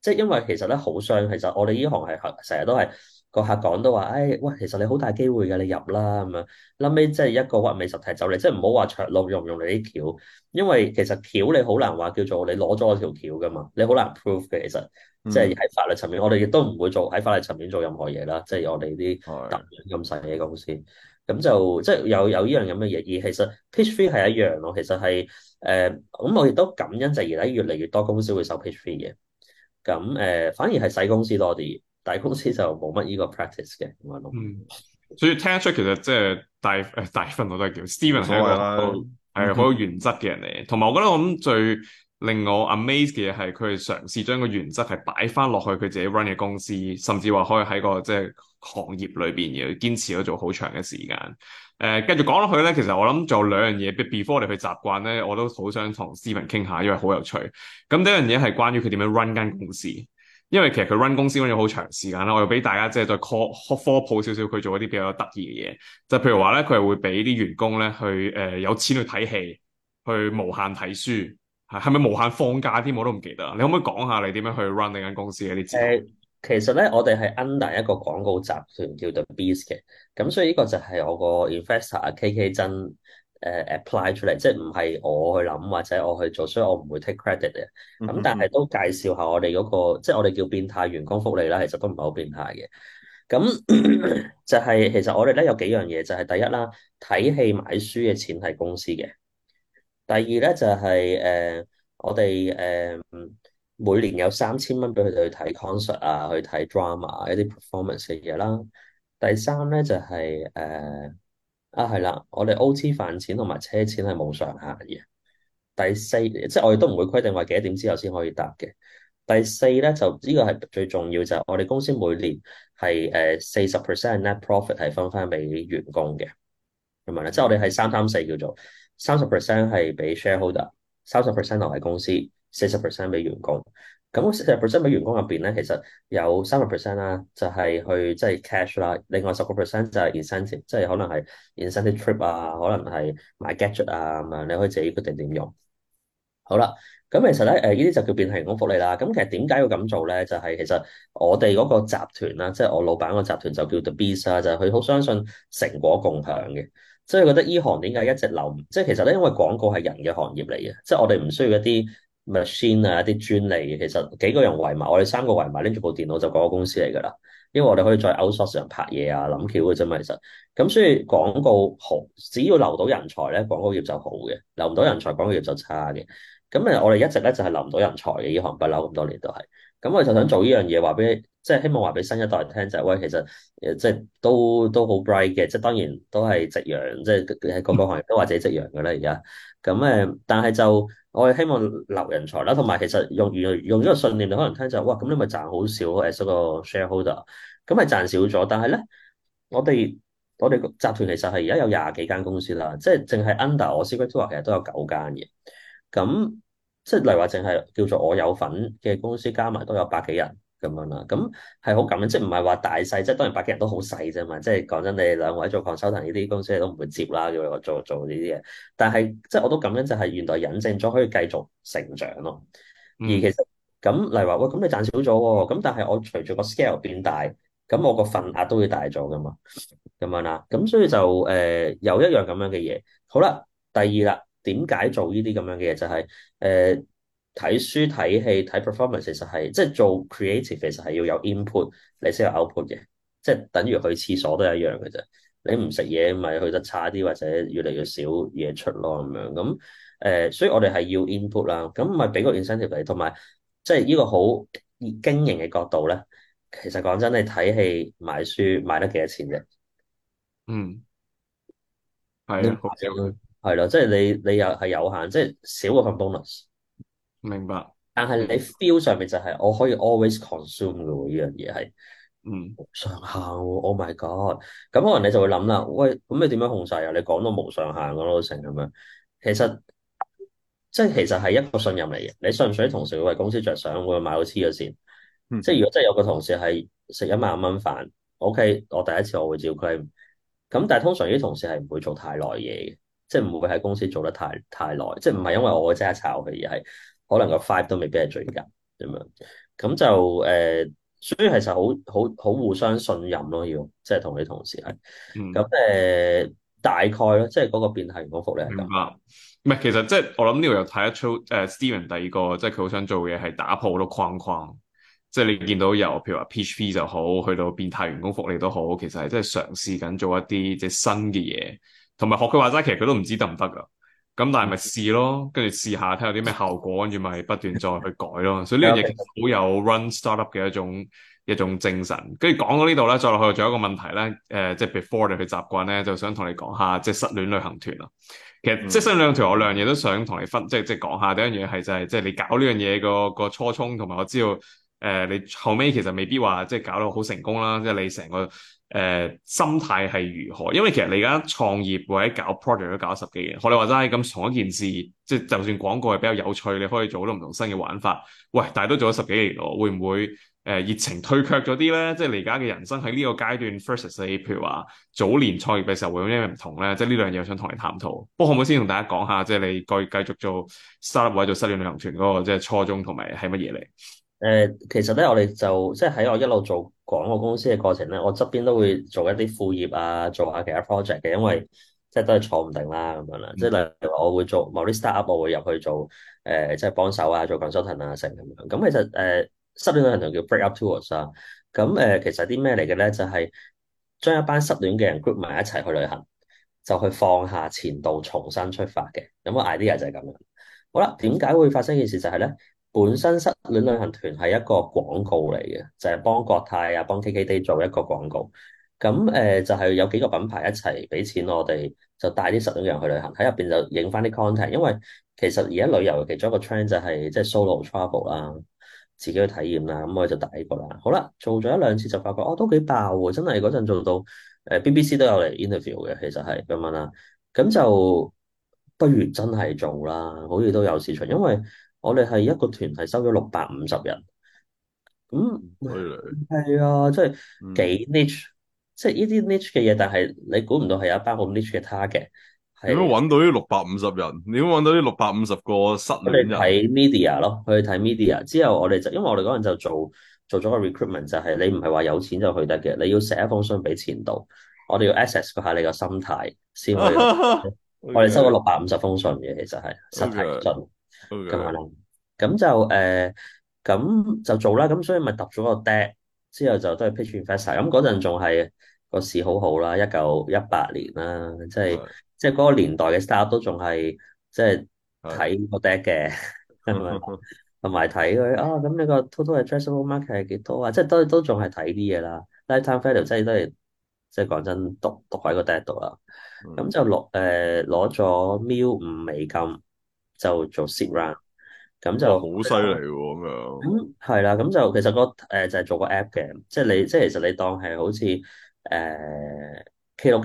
即係因為其實咧好傷。其實我哋呢行係成日都係個客講都話，唉、哎、喂，其實你好大機會嘅，你入啦咁樣。後尾即係一個畫面實體走嚟，即係唔好話長路用唔用你啲橋，因為其實橋你好難話叫做你攞咗我條橋噶嘛，你好難 prove 嘅。其實即係喺法律層面，嗯、我哋亦都唔會做喺法律層面做任何嘢啦。即係我哋啲特等咁細嘅公司。咁就即係有有依樣咁嘅嘢，而其實 pitch fee 係一樣咯。其實係誒，咁、呃、我亦都感恩就而家越嚟越多公司會收 pitch fee 嘅。咁誒、呃，反而係細公司多啲，大公司就冇乜呢個 practice 嘅。咯嗯，所以聽得出其實即係大誒、哎、大份我都係叫 Steven 係、嗯、一個係好有原則嘅人嚟，同埋、嗯、哼我覺得我諗最。令我 amaze 嘅係佢係嘗試將個原則係擺翻落去佢自己 run 嘅公司，甚至話可以喺個即係行業裏邊要堅持咗做好長嘅時間。誒、呃，繼續講落去咧，其實我諗仲有兩樣嘢。Before 嚟去習慣咧，我都好想同 Stephen 傾下，因為好有趣。咁第一樣嘢係關於佢點樣 run 間公司，因為其實佢 run 公司 run 咗好長時間啦。我又俾大家即係再科科普少少佢做一啲比較得意嘅嘢，就譬如話咧，佢係會俾啲員工咧去誒、呃、有錢去睇戲，去無限睇書。係咪無限放假添？我都唔記得。你可唔可以講下你點樣去 run 呢間公司嘅啲？誒，其實咧，我哋係 under 一個廣告集團叫做、The、Beast 嘅，咁所以呢個就係我個 investor 啊，K K 真誒、uh, apply 出嚟，即係唔係我去諗或者我去做，所以我唔會 take credit 嘅。咁但係都介紹下我哋嗰、那個，即係我哋叫變態員工福利啦，其實都唔係好變態嘅。咁 就係、是、其實我哋咧有幾樣嘢，就係、是、第一啦，睇戲買書嘅錢係公司嘅。第二咧就係、是、誒、呃，我哋誒、呃、每年有三千蚊俾佢哋去睇 concert 啊，去睇 drama 啊，一啲 performance 嘅嘢啦。第三咧就係、是、誒、呃、啊，係啦，我哋 OT 飯錢同埋車錢係冇上限嘅。第四，即、就、係、是、我哋都唔會規定話幾多點之後先可以搭嘅。第四咧就呢個係最重要，就係、是、我哋公司每年係誒四十 percent net profit 係分翻俾員工嘅咁啊，即係、就是、我哋係三三四叫做。三十 percent 係俾 shareholder，三十 percent 留喺公司，四十 percent 俾員工。咁四十 percent 俾員工入邊咧，其實有三十 percent 啦，就係、是、去即係 cash 啦。另外十個 percent 就係、是、incentive，即係可能係 incentive trip 啊，可能係買 gadget 啊咁樣，你可以自己決定點用。好啦，咁其實咧，誒呢啲就叫變態員工福利啦。咁其實點解要咁做咧？就係、是、其實我哋嗰個集團啦，即、就、係、是、我老板個集團就叫做 the beast，就係佢好相信成果共享嘅。即係覺得依行點解一直留？即係其實咧，因為廣告係人嘅行業嚟嘅，即係我哋唔需要一啲 machine 啊，一啲專利，其實幾個人圍埋，我哋三個圍埋拎住部電腦就廣告公司嚟㗎啦。因為我哋可以在 outsource 上拍嘢啊，諗橋嘅啫嘛。其實咁，所以廣告行只要留到人才咧，廣告業就好嘅；留唔到人才，廣告業就差嘅。咁誒，我哋一直咧就係留唔到人才嘅，依行不嬲咁多年都係。咁我哋就想做呢樣嘢，話俾即係希望話俾新一代人聽就係、是，喂，其實誒即係都都好 bright 嘅，即係當然都係夕陽，即係喺各個行業都話自己夕陽㗎啦。而家咁誒，但係就我哋希望留人才啦，同埋其實用用用咗個信念你可能聽就係、是，哇，咁你咪賺好少，as a shareholder，咁係賺少咗。但係咧，我哋我哋集團其實係而家有廿幾間公司啦，即係淨係 under 我 Secret Tour 其實都有九間嘅。咁即係例如話，淨係叫做我有份嘅公司加埋都有百幾人。咁樣啦，咁係好感恩，即係唔係話大細，即係當然百幾人都好細啫嘛。即係講真，你哋兩位做抗收騰呢啲公司你都唔會接啦，叫我做做呢啲嘢。但係即係我都感恩，就係原來引證咗可以繼續成長咯。嗯、而其實咁，例如話喂，咁你賺少咗喎、啊，咁但係我隨住個 scale 變大，咁我個份額都會大咗噶嘛。咁樣啦，咁所以就誒、呃、有一樣咁樣嘅嘢。好啦，第二啦，點解做呢啲咁樣嘅嘢就係、是、誒？呃睇書、睇戲、睇 performance 其實係，即係做 creative 其實係要有 input 你先有 output 嘅，即係等於去廁所都一樣嘅啫。你唔食嘢咪去得差啲，或者越嚟越少嘢出咯，咁樣咁誒，所以我哋係要 input 啦。咁咪俾個 incentive 嚟同埋，即係呢個好經營嘅角度咧，其實講真，你睇戲買書買得幾多錢啫？嗯，係啊，係咯了，即係了你你又係有限，即係少個份 bonus。明白，但係你 feel 上面就係我可以 always consume 嘅喎，呢樣嘢係，嗯，無上限喎，Oh my god，咁可能你就會諗啦，喂，咁你點樣控制啊？你講到無上限，講到成咁樣，其實即係其實係一個信任嚟嘅，你信唔信同事會為公司着想？會買好黐咗線，嗯、即係如果真係有個同事係食一萬蚊飯，OK，我第一次我會照規，咁但係通常啲同事係唔會做太耐嘢嘅，即係唔會喺公司做得太太耐，即係唔係因為我即刻炒佢而係。可能個 five 都未必係最佳咁樣，咁就誒、呃，所以其實好好好互相信任咯，要即係同你同事係，咁誒、嗯呃、大概咯，即係嗰個變態員工福利係咁。唔係、嗯嗯，其實即、就、係、是、我諗呢度又睇得出誒、呃、Stephen 第二個即係佢好想做嘅嘢係打破好多框框，即、就、係、是、你見到由譬如話 pitch fee 就好，去到變態員工福利都好，其實係即係嘗試緊做一啲即係新嘅嘢，同埋學佢話齋，其實佢都唔知得唔得㗎。咁但係咪試咯？跟住試下睇有啲咩效果，跟住咪不斷再去改咯。所以呢樣嘢其實好有 run startup 嘅一種一種精神。跟住講到呢度咧，再落去仲有一個問題咧。誒、呃，即係 before 你去習慣咧，就想同你講下即係失戀旅行團啊。其實即係失戀旅行團，我兩樣嘢都想同你分，即係即係講下第一樣嘢係就係、是、即係你搞呢樣嘢個個初衷，同埋我知道誒、呃、你後尾其實未必話即係搞到好成功啦，即係你成個。誒、呃、心態係如何？因為其實你而家創業或者搞 project 都搞咗十幾年，我哋話齋咁同一件事，即係就算廣告係比較有趣，你可以做好多唔同的新嘅玩法。喂，但係都做咗十幾年咯，會唔會誒、呃、熱情退卻咗啲咧？即係你而家嘅人生喺呢個階段 versus 譬如話早年創業嘅時候會有咩唔同咧？即係呢兩樣嘢我想同你探討。可不過可唔可以先同大家講下，即係你繼繼續做 startup 或者做失戀旅行團嗰、那個即係初衷同埋係乜嘢嚟？誒、呃，其實咧，我哋就即係喺我一路做廣告公司嘅過程咧，我側邊都會做一啲副業啊，做下其他 project 嘅，因為即係都係坐唔定啦咁樣啦。即係例如我會做某啲 start up，我會入去做誒、呃，即係幫手啊，做 consultant 啊成咁樣。咁、嗯、其實誒、呃，失戀旅行就叫 break up tours 啊。咁、嗯、誒、呃，其實啲咩嚟嘅咧，就係、是、將一班失戀嘅人 group 埋一齊去旅行，就去放下前度，重新出發嘅。咁、嗯，個 idea 就係咁樣。好啦，點解會發生件事就係咧？本身失戀旅行團係一個廣告嚟嘅，就係、是、幫國泰啊、幫 K K D 做一個廣告。咁誒、呃、就係、是、有幾個品牌一齊俾錢我哋，就帶啲失戀人去旅行，喺入邊就影翻啲 content。因為其實而家旅遊其中一個 trend 就係、是、即係、就是、solo travel 啦，自己去體驗啦。咁我就大個啦。好啦，做咗一兩次就發覺，哦，都幾爆喎！真係嗰陣做到誒、呃、B B C 都有嚟 interview 嘅，其實係咁樣啦。咁就不如真係做啦，好似都有市場，因為。我哋係一個團，係收咗六百五十人。咁、嗯、係 Okay. 啊，即係、嗯、幾 niche，即係呢啲 niche 嘅嘢。但係你估唔到有一班好 niche 嘅 target。點樣揾到呢六百五十人？點樣揾到呢六百五十個失戀人？睇 media 咯，去睇 media。之後我哋就因為我哋嗰陣就做做咗個 recruitment，就係你唔係話有錢就去得嘅，你要寫一封信俾前度。我哋要 assess 下你個心態先可以。 Okay. 我哋收咗六百五十封信嘅，其實係實體信。Okay. 咁咁就誒，咁、呃、就做啦，咁所以咪揼咗個 deck 之後就都係 pitch investor，咁嗰陣仲係個市好好啦，一九一八年啦，即係即係嗰個年代嘅 startup 都仲係即係睇個 deck 嘅，同埋睇佢啊，咁你個 total 嘅 addressable market 係幾多啊？即、就、係、是、都都仲係睇啲嘢啦，lifetime value 真係都係即係講真，讀讀喺個 deck 度啦，咁就攞誒攞咗 M 五美金。就做 sit round o d 咁就好犀利喎，咁樣嗯，係啦，咁就其實個誒就係做個 app 嘅，即係你即係其實你當係好似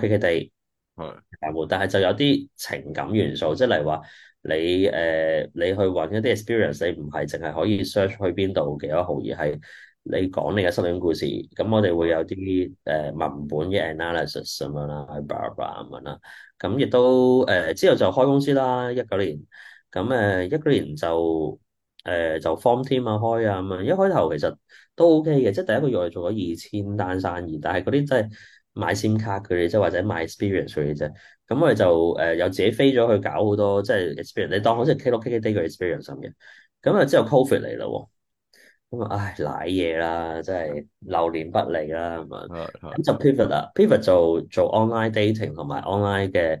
誒 KKday 嗯，但係就有啲情感元素，即係例如話你誒你去揾一啲 experience，你唔係淨係可以 search 去邊度幾多號，而係你講你嘅失戀故事。咁我哋會有啲誒文本嘅 analysis 咁樣啦，bar bar 咁樣啦。咁亦都誒之後就開公司啦，一九年。咁誒、嗯，一年就誒、呃、就 form team 啊，開啊咁啊，一開頭其實都 OK 嘅，即係第一個月我做咗二千單生意，但係嗰啲真係賣 sim 卡佢哋，即係或者賣 experience 佢哋啫。咁佢哋就誒、呃、又自己飛咗去搞好多，即係 experience。你當好似 Klook K K Day 嘅 experience 咁嘅。咁啊，之後 COVID 嚟啦，咁啊，唉，賴嘢啦，真係流年不利啦咁啊。咁 就 pivot 啦 pivot 就做，做 online dating 同埋 online 嘅。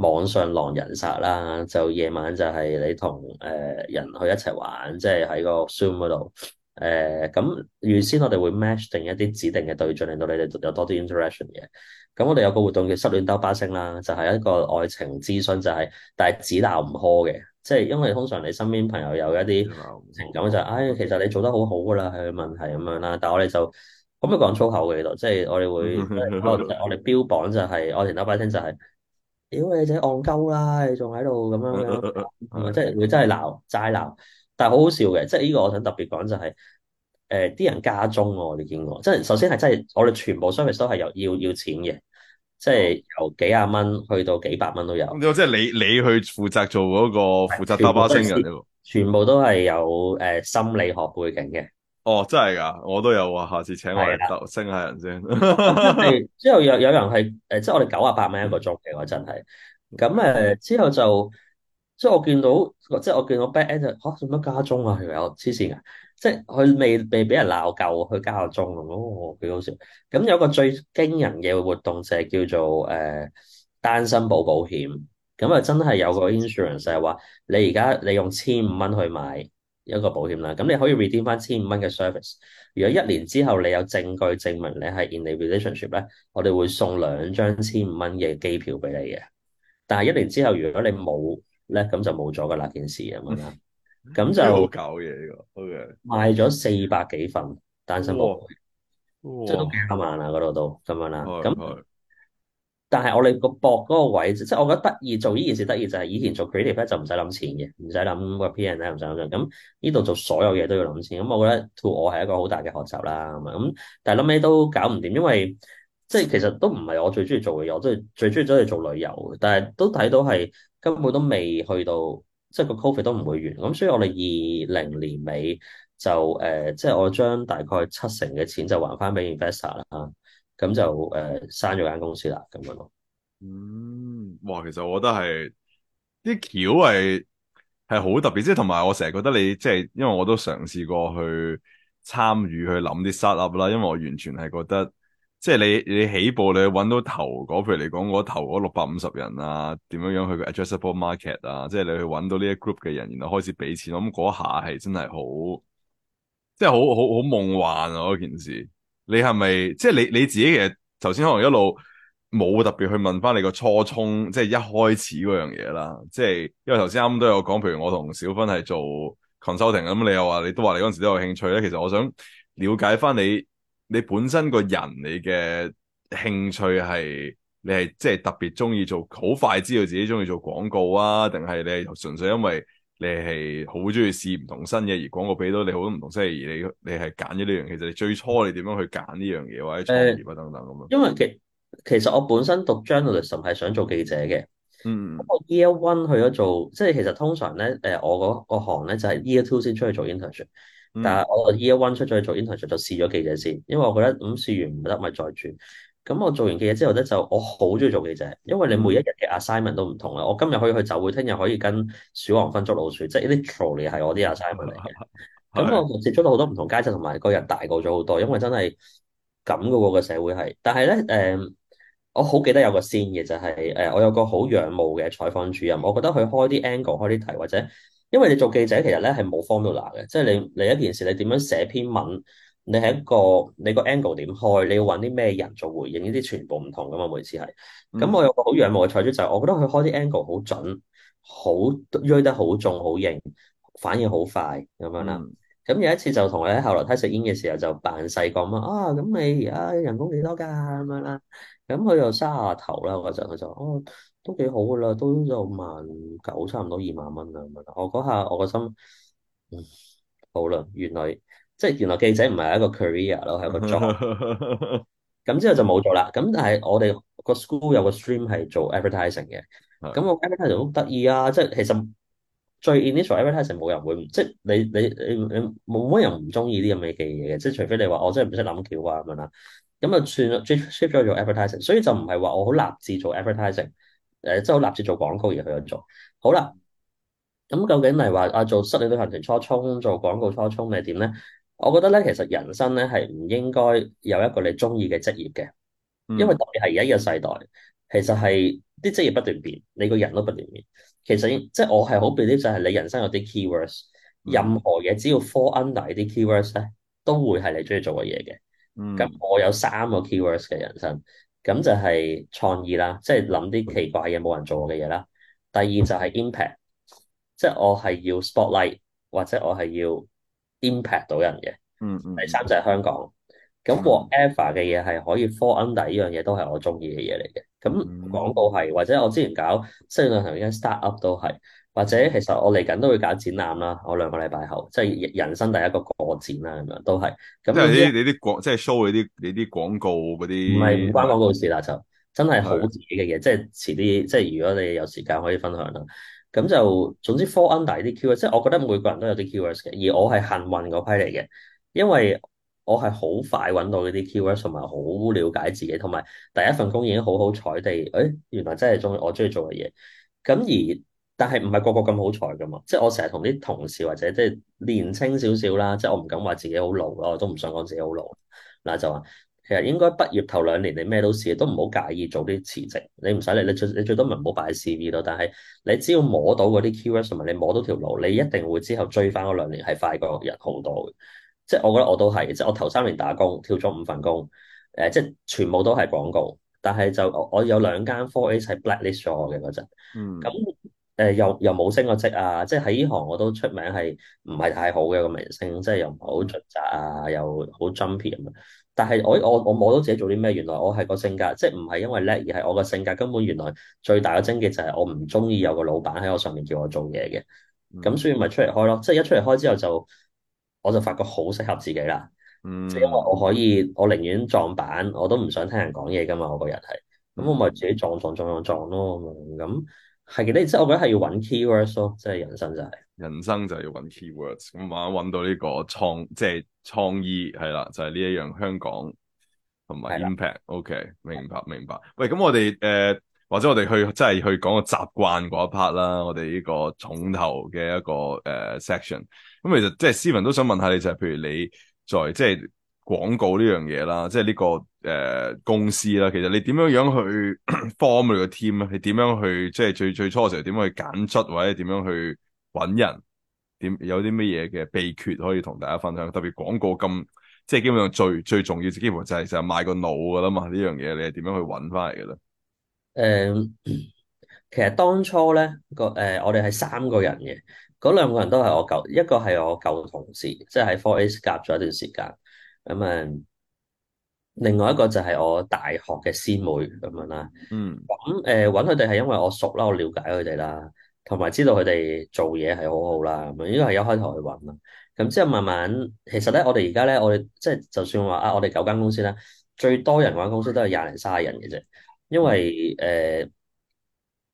網上狼人殺啦，就夜晚就係你同誒、呃、人去一齊玩，即係喺個 Zoom 嗰度誒。咁、呃、預先我哋會 match 定一啲指定嘅對象，令到你哋有多啲 interaction 嘅。咁我哋有個活動叫失戀兜巴星啦，就係、是、一個愛情諮詢，就係、是、但係只鬧唔呵嘅，即係因為通常你身邊朋友有一啲情感就是，唉、哎，其實你做得好好噶啦，係問題咁樣啦。但係我哋就可唔可以講粗口嘅，即係我哋會 我哋標榜就係、是、愛情兜巴星就係、是。屌你、哎！你戇鳩啦！你仲喺度咁樣樣、 嗯、即係會真係鬧、齋鬧，但係好好笑嘅。即係呢個我想特別講就係、是，誒、呃、啲人家中喎，你見過？即係首先係真係，我哋全部 service 都係有要要錢嘅，即係由幾廿蚊去到幾百蚊都有。嗯、即係你你去負責做嗰個負責搭巴星人，全部都係有誒、呃、心理學背景嘅。哦，真係噶，我都有啊，下次請我嚟的升下人先。 之後有有人係誒，即係我哋九啊八蚊一個鐘嘅我真係，咁誒之後就，即係我見到，即係我見到 back end 吓做乜加鐘啊？係咪我黐線噶，即係佢未未俾人鬧夠，佢加個鐘哦，幾好笑。咁有個最驚人嘅活動就係叫做誒、呃、單身保保險，咁啊真係有個 insurance 就係話，你而家你用千五蚊去買。一個保險啦，咁你可以 redeem 翻千五蚊嘅 service。如果一年之後你有證據證明你係 in relationship 咧，我哋會送兩張千五蚊嘅機票俾你嘅。但係一年之後如果你冇咧，咁就冇咗㗎喇件事咁樣啦。咁就好搞嘢喎，賣咗四百幾份單身保險，即係 哇都幾百萬啦嗰度都咁樣啦。 那 但係我哋個博嗰個位，即係我覺得得意，做呢件事得意就係以前做 creative 就唔使諗錢嘅，唔使諗個 P&L，唔使諗咁。呢度做所有嘢都要諗錢，咁我覺得 to 我係一個好大嘅學習啦。咁但係諗尾都搞唔掂，因為即係其實都唔係我最中意做嘅嘢，我都最中意都係做旅遊。但係都睇到係根本都未去到，即係個 COVID 都唔會完。咁所以我哋二零年尾就誒，即係我將大概七成嘅錢就還翻俾 investor 啦。咁就誒，閂、呃、咗間公司啦，咁樣咯。嗯，哇，其實我覺得係啲橋係係好特別，即係同埋我成日覺得你即係、就是，因為我都嘗試過去參與去諗啲 startup 啦。因為我完全係覺得，即、就、係、是、你你起步你揾到頭嗰，譬如嚟講嗰頭嗰六百五十人啊，點樣樣去個 addressable market 啊，即、就、係、是、你去揾到呢一 group 嘅人，然後開始俾錢，咁、嗯、嗰下係真係好，即、就、係、是、好好好，好夢幻啊嗰件事。你係咪即係你你自己嘅頭先可能一路冇特別去問翻你個初衷，即係一開始嗰樣嘢啦，即係因為頭先啱都有講，譬如我同小芬係做 consulting 咁、嗯，你又話你都話你嗰陣時都有興趣咧，其實我想了解翻你你本身個人你嘅興趣係你係即係特別中意做好快知道自己中意做廣告啊，定係你係純粹因為？你係好中意試唔同的新嘅，而廣告俾到你好多唔同新嘅。而你你係揀咗呢樣。其實你最初你點樣去揀呢樣嘢或者創業啊等等咁啊？因為其其實我本身讀 journalism 係想做記者嘅，嗯，咁我 year one 去咗做，即係其實通常咧，誒我嗰行咧就係 year two 先出去做 internship，嗯、但係我 year one 出咗去做 internship 就試咗記者先，因為我覺得咁試完唔得咪再轉。咁我做完記者之後咧，就我好中意做記者，因為你每一日嘅 assignment 都唔同啦。我今日可以去酒會，聽日可以跟鼠王芬捉老鼠，即係 literally 嚟，係我啲 assignment 嚟嘅。咁我接觸到好多唔同階層，同埋個人大個咗好多，因為真係咁噶喎個社會係。但係咧，誒、呃，我好記得有個 scene 嘅就係、是，誒、呃，我有個好仰慕嘅採訪主任，我覺得佢開啲 angle、開啲題，或者因為你做記者其實咧係冇 formula 嘅，即係你你一件事你點樣寫篇文。你係一個你個 angle 點開，你要搵啲咩人做回應，呢啲全部唔同㗎嘛，每次係。咁我有個好仰慕嘅採主就係、是，我覺得佢開啲 angle 好準，好鋭得好重好型，反應好快咁樣啦。咁有一次就同佢喺後樓梯食煙嘅時候就扮細講啊，咁你而家、啊、人工幾多㗎咁樣啦？咁佢就三下頭啦嗰陣，佢就哦都幾好㗎啦，都就萬九差唔多二萬蚊啦咁樣。我嗰下我個心，嗯，好啦，原來。即係原來記者唔係一個 career 咯，係一個 job。咁之後就冇咗啦。咁但係我哋個 school 有個 stream 係做 advertising 嘅。咁 我個 advertising 好得意啊！即係其實最 initial advertising 冇人會，即係你你你冇乜人唔中意啲咁嘅嘅嘢嘅。即係除非你話我真係唔識諗橋啊咁樣啦。咁啊算啦，轉 shift 咗做 advertising，所以就唔係話我好立志做 advertising，誒、呃、即係、就、好、是、立志做廣告而去又做好啦。咁究竟嚟話啊做失戀旅行團初衷做廣告初衷係點咧？我覺得咧，其實人生咧係唔應該有一個你中意嘅職業嘅，因為特別係而家嘅世代，其實係啲職業不斷變，你個人都不斷變。其實即係、就是、我係好 believe 就係你人生有啲 keywords，任何嘢只要 fall under 啲 keywords 咧，都會係你中意做嘅嘢嘅。咁我有三個 keywords 嘅人生，咁就係創意啦，即係諗啲奇怪嘢冇人做嘅嘢啦。第二就係 impact，即係我係要 spotlight 或者我係要。Impact 到人嘅，第、嗯嗯、三就係香港。咁 whatever 嘅嘢係可以 fall under 呢樣嘢，都係我中意嘅嘢嚟嘅。咁廣告係，或者我之前搞失戀旅行嗰啲 startup 都係，或者其實我嚟緊都會搞展覽啦。我兩個禮拜後，即係人生第一個個展啦，咁樣都係。即係啲你啲廣，即係 show 你啲你啲廣告嗰啲。唔係唔關廣告事啦，就真係好自己嘅嘢。即係遲啲，即係如果你有時間可以分享啦。咁就總之 fall under 啲 keywords 即係我覺得每個人都有啲 keywords 嘅，而我係幸運嗰批嚟嘅，因為我係好快揾到呢啲 keywords 同埋好了解自己，同埋第一份工已經好好彩地，誒、哎、原來真係中意我中意做嘅嘢。咁而但係唔係個個咁好彩噶嘛，即係我成日同啲同事或者即係年青少少啦，即係我唔敢話自己好老咯，我都唔想講自己好老嗱就話。其實應該畢業頭兩年你咩都試，都唔好介意早啲辭職，你唔使理，你最你最多咪唔好擺喺 CV 度。但係你只要摸到嗰啲 keywords，同埋你摸到條路，你一定會之後追翻嗰兩年係快過人好多嘅。即係我覺得我都係，即係我頭三年打工跳咗五份工，誒、呃，即係全部都係廣告。但係就我有兩間 four A 喺 blacklist 咗嘅嗰陣，咁誒、嗯呃、又又冇升個職啊！即係喺呢行我都出名係唔係太好嘅、那個名聲，即係又唔係好盡責啊，又好 jumpy 但係我我我摸到自己做啲咩，原來我係個性格，即係唔係因為叻，而係我個性格根本原來最大嘅症結就係我唔中意有個老闆喺我上面叫我做嘢嘅，咁所以咪出嚟開咯。即係一出嚟開之後就，我就發覺好適合自己啦。嗯，即係因為我可以，我寧願撞板，我都唔想聽人講嘢㗎嘛。我個人係，咁我咪自己撞撞撞撞撞，撞，撞，撞咯咁。係記得，即係我諗係要揾 keywords 咯，即係人生就係。人生就係要揾 keywords，咁啊揾到呢個創，即係創意係啦，就係、是、呢一樣香港同埋 impact。Imp act, 的 OK，明白的明白。喂，咁我哋誒、呃，或者我哋去即係去講個習慣嗰一 part 啦，我哋呢個重頭嘅一個誒、呃、section。咁其實即係 Stephen 都想問下你，就係、是、譬如你在即係。就是廣告呢樣嘢啦，即係呢、呢個誒、呃、公司啦。其實你點樣樣去 form 你嘅 team 啊？你點樣去即係最最初嘅時候點樣去揀卒，或者點樣去揾人？點有啲乜嘢嘅秘訣可以同大家分享？特別廣告咁，即係基本上最最重要、幾乎，就係就係賣個腦㗎啦嘛。呢樣嘢你係點樣去揾返嚟嘅咧？誒、呃，其實當初咧個誒、呃，我哋係三個人嘅。嗰兩個人都係我舊一個係我舊同事，即係喺 Four As 夾咗一段時間。咁啊，另外一個就係我大學嘅師妹咁樣啦，嗯，咁誒搵佢哋係因為我熟啦，我了解佢哋啦，同埋知道佢哋做嘢係好好啦，咁啊，應該係一開頭去搵啦，咁之後慢慢，其實咧我哋而家咧我哋即係就算話啊，我哋九間公司咧，最多人嘅公司都係廿零卅人嘅啫，因為誒、嗯呃、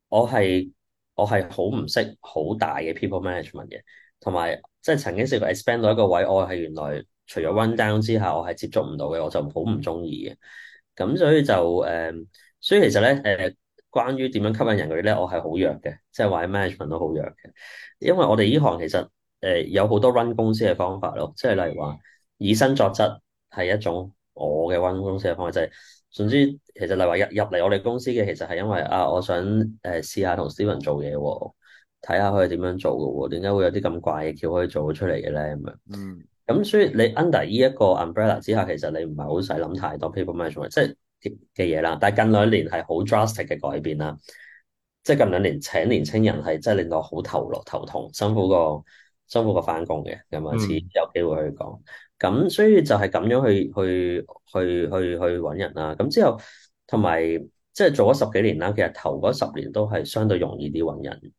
我係我係好唔識好大嘅 people management 嘅，同埋即係曾經試過 expand 到一個位，我係原來。除咗 one down 之下，我係接觸唔到嘅，我就好唔中意嘅。咁所以就誒、呃，所以其實咧誒、呃，關於點樣吸引人啲咧，我係好弱嘅，即係話 management 都好弱嘅。因為我哋呢行其實誒、呃、有好多 run 公司嘅方法咯，即係例如話以身作則係一種我嘅 run 公司嘅方法，就係，總之其實例如話入入嚟我哋公司嘅其實係因為啊，我想誒、呃、試下同 Stephen 做嘢喎、啊，睇下佢係點樣做嘅喎、啊，點解會有啲咁怪嘅橋可以做出嚟嘅咧咁樣。嗯。咁所以你 under 呢一個 umbrella 之下，其實你唔係好使諗太多 people management 即係嘅嘢啦，但係近兩年係好 drastic 嘅改變啦，即係近兩年請年青人係真係令到好頭落頭痛，辛苦過辛苦過返工嘅咁啊，似有機會去講。咁，嗯，所以就係咁樣去去去去去揾人啦。咁之後同埋即係做咗十幾年啦，其實頭嗰十年都係相對容易啲揾人。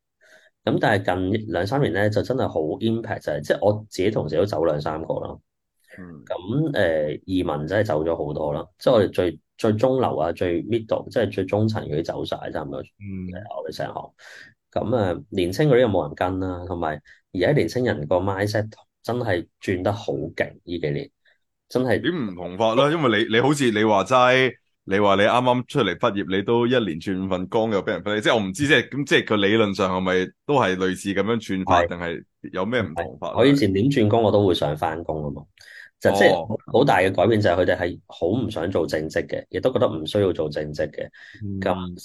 咁但係近兩三年咧就真係好 impact 就係即係我自己同事都走兩三個啦，咁誒、嗯嗯、移民真係走咗好多啦，即、就、係、是、我哋最最中流啊最 middle 即係最中層嗰啲走曬啫嘛，誒我哋成行，咁誒、嗯嗯、年青嗰啲又冇人跟啦，同埋而家年輕人個 mindset 真係轉得好勁呢幾年，真係點唔同法咧？因為你你好似你話齋。你話你啱啱出嚟畢業，你都一年轉五份工又俾人俾你。即係我唔知，即係咁，即係佢理論上係咪都係類似咁樣轉是法，定係有咩唔同法？我以前點轉工我都會想返工啊嘛，哦、就即係好大嘅改變就係佢哋係好唔想做正職嘅，亦、嗯、都覺得唔需要做正職嘅。咁、嗯、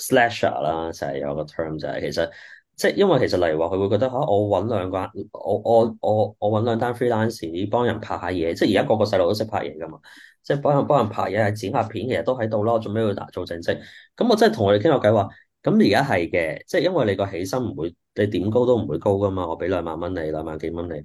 slasher 啦，就係有個 term 就係、是、其實即係因為其實例如話佢會覺得嚇我揾兩單，我兩我我我揾兩單 freelance 幫人拍下嘢，即係而家個個細路都識拍嘢噶嘛。即係幫人幫人拍嘢，係剪下片，其實都喺度咯。做咩要做正職？咁我真係同我哋傾過偈話，咁而家係嘅，即係因為你個起薪唔會，你點高都唔會高噶嘛。我俾兩萬蚊你，兩萬幾蚊你。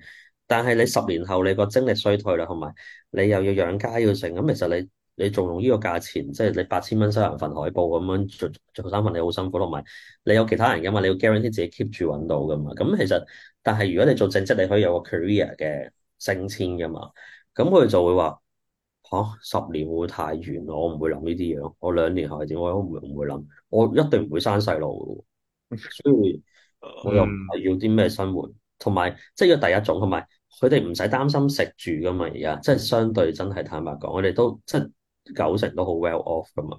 但係你十年後你個精力衰退啦，同埋你又要養家要成，咁其實你你仲用呢個價錢，即係你八千蚊收人份海報咁樣做做三份，你好辛苦，同埋你有其他人噶嘛，你要 guarantee 自己 keep 住搵到噶嘛。咁其實，但係如果你做正職，你可以有個 career 嘅升遷噶嘛。咁佢就會話。.吓、啊、十年會太遠，我唔會諗呢啲嘢。我兩年後係點，我唔會諗。我一定唔會生細路，所以我又唔係要啲咩生活。同埋即係要第一種，同埋佢哋唔使擔心食住噶嘛。而家即係相對真係坦白講，我哋都即係九成都好 well off 噶嘛。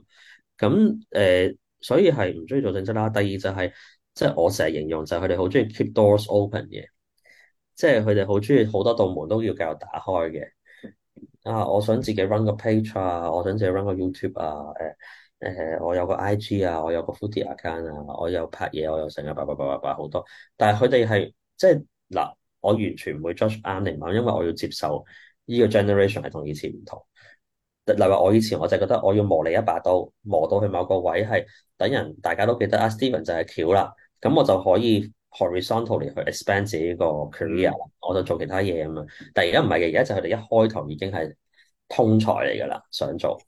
咁誒、呃，所以係唔中意做正職啦。第二就係、是、即係我成日形容就係佢哋好中意 keep doors open 嘅，即係佢哋好中意好多道門都要繼續打開嘅。啊！我想自己 run 個 page 啊，我想自己 run 個 YouTube 啊，誒、呃、誒、呃，我有個 IG 啊，我有個 Foodie account 啊，我又拍嘢，我又成日爆爆爆爆爆好多。但係佢哋係，即係嗱，我完全唔會 judge 阿你嘛，因為我要接受呢個 generation 係同以前唔同。例如話，我以前，我就覺得我要磨你一把刀，磨到去某個位係等人大家都記得阿、啊、Stephen 就係橋，啦，咁我就可以。horizontally 去 expand 自己個 career，我就做其他嘢咁樣。但而家唔係嘅，而家就係佢哋一開頭已經係通才嚟㗎啦，想做。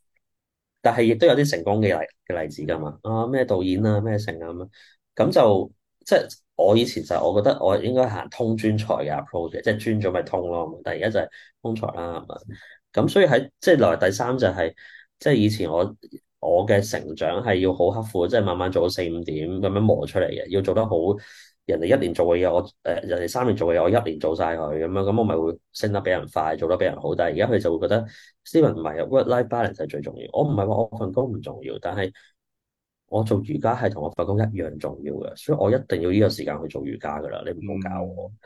但係亦都有啲成功嘅例嘅例子㗎嘛。啊咩導演啊咩成啊咁，咁就即係我以前就我覺得我應該行通專才嘅 approach，即係專咗咪通咯。但而家就係通才啦咁啊。咁所以喺即係來第三就係、是、即係以前我我嘅成長係要好刻苦，即係慢慢做到四五點咁樣磨出嚟嘅，要做得好。人哋一年做嘅嘢，我誒、呃、人哋三年做嘅嘢，我一年做晒佢咁樣，咁我咪會升得比人快，做得比人好低。但係而家佢就會覺得 Stephen 唔係 work life balance 係最重要。我唔係話我份工唔重要，但係我做瑜伽係同我份工一樣重要嘅，所以我一定要呢個時間去做瑜伽㗎啦。你唔好搞我，嗯、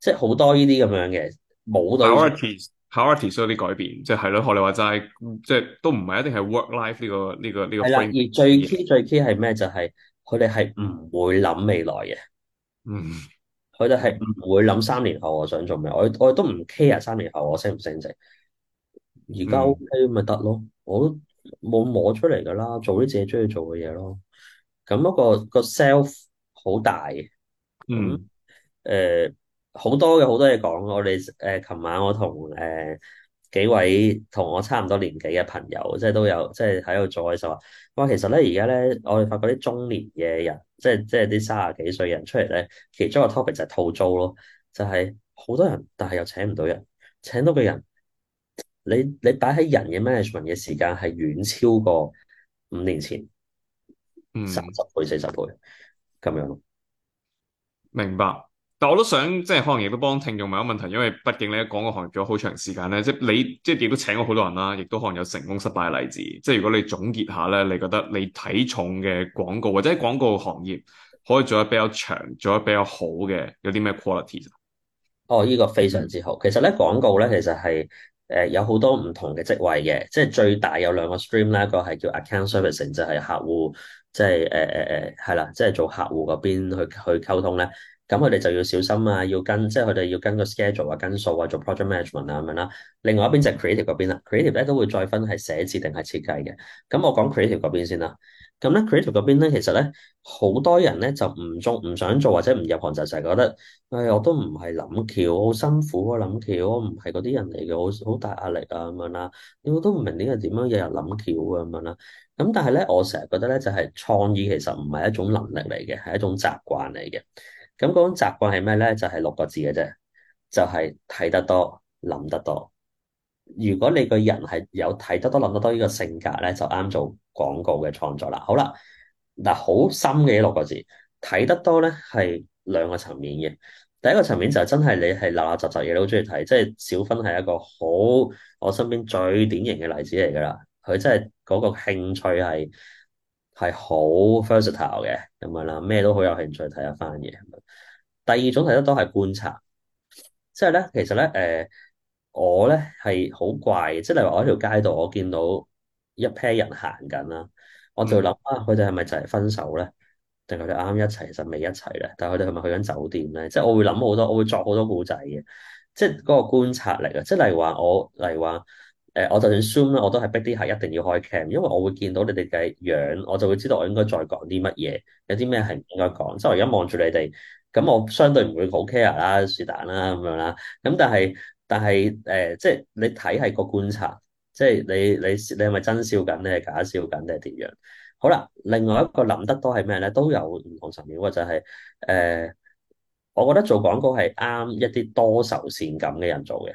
即係好多呢啲咁樣嘅冇，priorities 有啲改變，即係係咯。學你話齋，即係都唔係一定係 work life 呢個呢個呢個。係啦，而最 key 最 key 係咩？就係佢哋係唔會諗未來嘅。嗯嗯，佢哋係唔會諗三年後我想做咩，我我都唔 care 三年後我升唔升職，而家 OK 咪得咯，我都冇摸出嚟噶啦，做啲自己中意做嘅嘢咯，咁一、個、個 self 好大，嗯，誒、呃、好多嘅好多嘢講，我哋誒琴晚我同誒。呃幾位同我差唔多年紀嘅朋友，即係都有，即係喺度做嘅時候，哇！其實咧，而家咧，我哋發覺啲中年嘅人，即係即係啲三十幾歲嘅人出嚟咧，其中一個 topic 就係套租咯，就係、是、好多人，但係又請唔到人，請到嘅人，你你擺喺人嘅 management 嘅時間係遠超過五年前，三十、嗯、倍四十倍咁樣咯。明白。但我都想即係可能亦都幫聽眾問一個問題，因為畢竟你喺廣告行業做咗好長時間咧，即係你即係亦都請過好多人啦，亦都可能有成功失敗嘅例子。即係如果你總結下咧，你覺得你睇重嘅廣告或者喺廣告行業可以做得比較長，做得比較好嘅，有啲咩 quality？哦，呢個非常之好。其實咧，廣告咧，其實係誒、呃、有好多唔同嘅職位嘅，即係最大有兩個 stream 啦，一個係叫 account servicing，就係客戶即係誒誒誒係啦，即係做客戶嗰邊去去溝通咧。咁佢哋就要小心啊，要跟，即係佢哋要跟個 schedule 啊，跟數啊，做 project management 啊咁樣啦。另外一邊就係 creative 嗰邊啦，creative 咧都會再分係寫字定係設計嘅。咁我講 creative 嗰邊先啦。咁咧 creative 嗰邊咧，其實咧好多人咧就唔中唔想做或者唔入行就成日覺得誒，我都唔係諗橋，好辛苦啊，諗橋，我唔係嗰啲人嚟嘅，好好大壓力啊咁樣啦。你我都唔明啲人點樣日日諗橋啊咁樣啦。咁但係咧，我成日覺得咧就係創意其實唔係一種能力嚟嘅，係一種習慣嚟嘅。咁嗰種習慣係咩咧？就係、是、六個字嘅啫，就係、是、睇得多，諗得多。如果你個人係有睇得多、諗得多呢個性格咧，就啱做廣告嘅創作啦。好啦，嗱，好深嘅六個字，睇得多咧係兩個層面嘅。第一個層面就真係你係垃垃雜雜嘢都好中意睇，即係小芬係一個好我身邊最典型嘅例子嚟噶啦。佢真係嗰個興趣係係好 versatile 嘅咁樣啦，咩都好有興趣睇一番嘢。看看。第二種睇得多係觀察，即係咧，其實咧，誒、呃，我咧係好怪嘅，即係例如我喺條街度，我見到一 pair 人行緊啦，我就諗啊，佢哋係咪就係分手咧？定佢哋啱啱一齊，其實未一齊咧？但係佢哋係咪去緊酒店咧？即係我會諗好多，我會作好多故仔嘅，即係嗰個觀察力啊！即係例如話我，例如話誒、呃，我就算 Zoom 啦，我都係逼啲客一定要開 cam，因為我會見到你哋嘅樣，我就會知道我應該再講啲乜嘢，有啲咩係唔應該講。即係我而家望住你哋。咁我相對唔會好 care 啦，是但啦咁樣啦。咁但係，但係誒、呃，即係你睇係個觀察，即係你你你係咪真笑緊咧？假笑緊定係點樣？好啦，另外一個諗得多係咩咧？都有唔同層面喎，就係、是、誒、呃，我覺得做廣告係啱一啲多愁善感嘅人做嘅，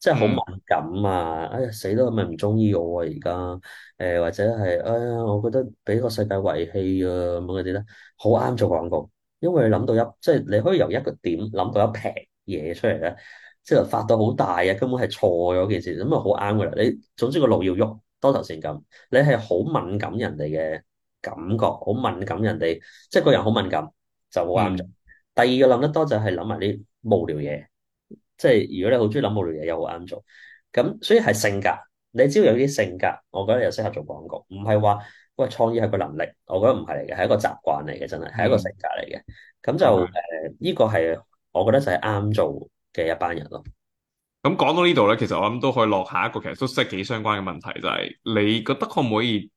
即係好敏感啊！哎呀，死都係咪唔中意我而家誒？或者係哎呀，我覺得俾個世界遺棄啊咁嗰啲咧，好啱做廣告。因為你諗到一即係你可以由一個點諗到一平嘢出嚟咧，即係發到好大啊，根本係錯咗件事，咁啊好啱噶啦。你總之個路要喐，多頭線咁，你係好敏感人哋嘅感覺，好敏感人哋，即係個人好敏感就好啱做。嗯、第二個諗得多就係諗埋啲無聊嘢，即係如果你好中意諗無聊嘢又好啱做。咁所以係性格，你只要有啲性格，我覺得又適合做廣告，唔係話。喂，創意係個能力，我覺得唔係嚟嘅，係一個習慣嚟嘅，真係係一個性格嚟嘅。咁、嗯、就誒，依的、呃呢個係我覺得就係啱做嘅一班人咯。咁、嗯、講到呢度咧，其實我諗都可以落下一個其實都即係幾相關嘅問題，就係、是、你覺得可唔可以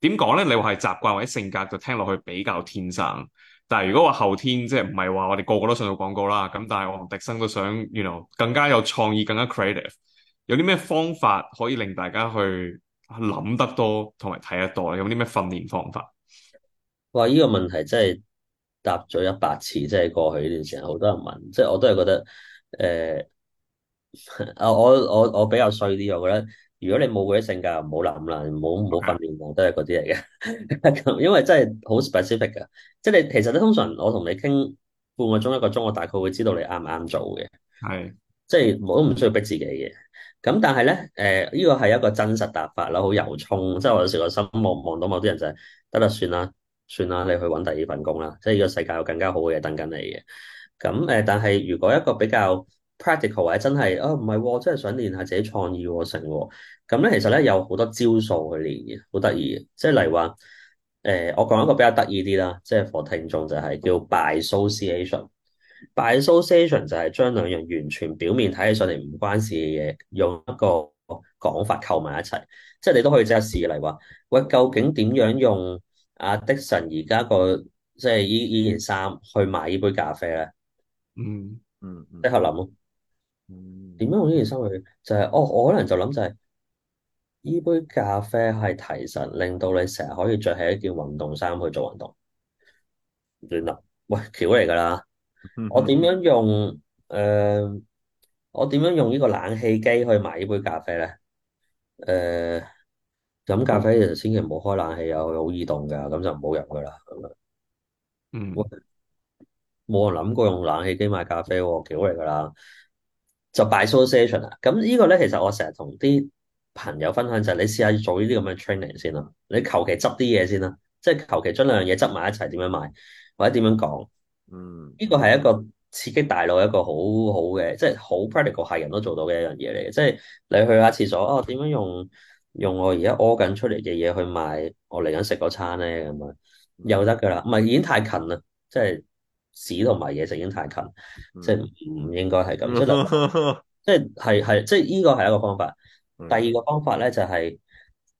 點講咧？你話係習慣或者性格就聽落去比較天生，但係如果話後天即係唔係話我哋個個都上到廣告啦。咁但係我同迪生都想，原 you 來 know, 更加有創意、更加 creative，有啲咩方法可以令大家去？諗得多同埋睇得多，有啲咩訓練方法？哇！呢個問題真係答咗一百次，真係過去呢段時間好多人都問，即係我都係覺得，誒、呃，我我我比較衰啲，我覺得如果你冇嗰啲性格，唔好諗啦，唔好唔好訓練，都係嗰啲嚟嘅。Okay. 因為真係好 specific 嘅，即係你其實咧，通常我同你傾半個鐘一個鐘，我大概會知道你啱唔啱做嘅。係。即係我都唔需要逼自己嘅，咁但係咧，誒、呃、呢、這個係一個真實答法啦，好由衷，即係我有時我心望望到某啲人就係得啦，算啦，算啦，你去揾第二份工啦，即係呢個世界有更加好嘅嘢等緊你嘅。咁誒，但係如果一個比較 practical 或者真係、啊、哦唔係，真係想練下自己創意性，咁咧其實咧有好多招數去練嘅，好得意嘅，即係例如話，誒、呃、我講一個比較得意啲啦，即係 for 聽眾就係、是、叫 Bi-sociation Bi-sociation 就係將兩樣完全表面睇起上嚟唔關事嘅嘢，用一個講法扣埋一齊，即係你都可以即刻試嚟話，喂，究竟點樣用阿 Dixon 而家個即係依依件衫去買呢杯咖啡咧？嗯嗯、mm，你下諗咯，點樣用呢件衫去？就係、是，哦，我可能就諗就係、是、依杯咖啡係提神，令到你成日可以着起一件運動衫去做運動，亂啦，喂，橋嚟噶啦。我點樣用，誒、呃，我點樣用呢個冷氣機去買呢杯咖啡咧？誒、呃，飲咖啡嘅時候千祈唔好開冷氣啊，好易凍噶，咁就唔好飲噶啦。嗯，冇人諗過用冷氣機買咖啡喎、啊，屌嚟噶啦，就 Bi-sociation 啦。咁呢個咧，其實我成日同啲朋友分享就係、是、你試下做呢啲咁嘅 training 先啦，你求其執啲嘢先啦，即係求其將兩樣嘢執埋一齊點樣賣，或者點樣講。嗯，呢個係一個刺激大腦一個好好嘅，即係好 practical，係人都做到嘅一樣嘢嚟嘅。即係你去下廁所，哦，點樣用用我而家屙緊出嚟嘅嘢去買我嚟緊食嗰餐咧，咁啊，又得噶啦。唔係已經太近啦，即係屎同埋嘢食已經太近，即係唔應該係咁。即係即係係係，即係呢個係一個方法。第二個方法咧就係、是、誒、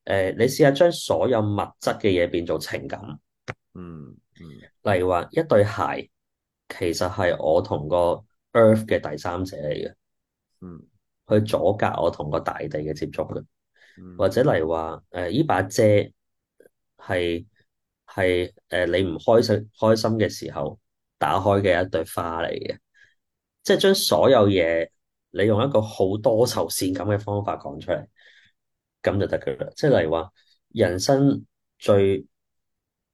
呃，你試下將所有物質嘅嘢變做情感。嗯，嗯，例如話一對鞋。其實係我同個 earth 嘅第三者嚟嘅，嗯，去阻隔我同個大地嘅接觸嘅，嗯、或者例如話，誒、呃、呢把遮係係誒你唔開心開心嘅時候打開嘅一對花嚟嘅，即係將所有嘢你用一個好多愁善感嘅方法講出嚟，咁就得㗎啦。即係例如話，人生最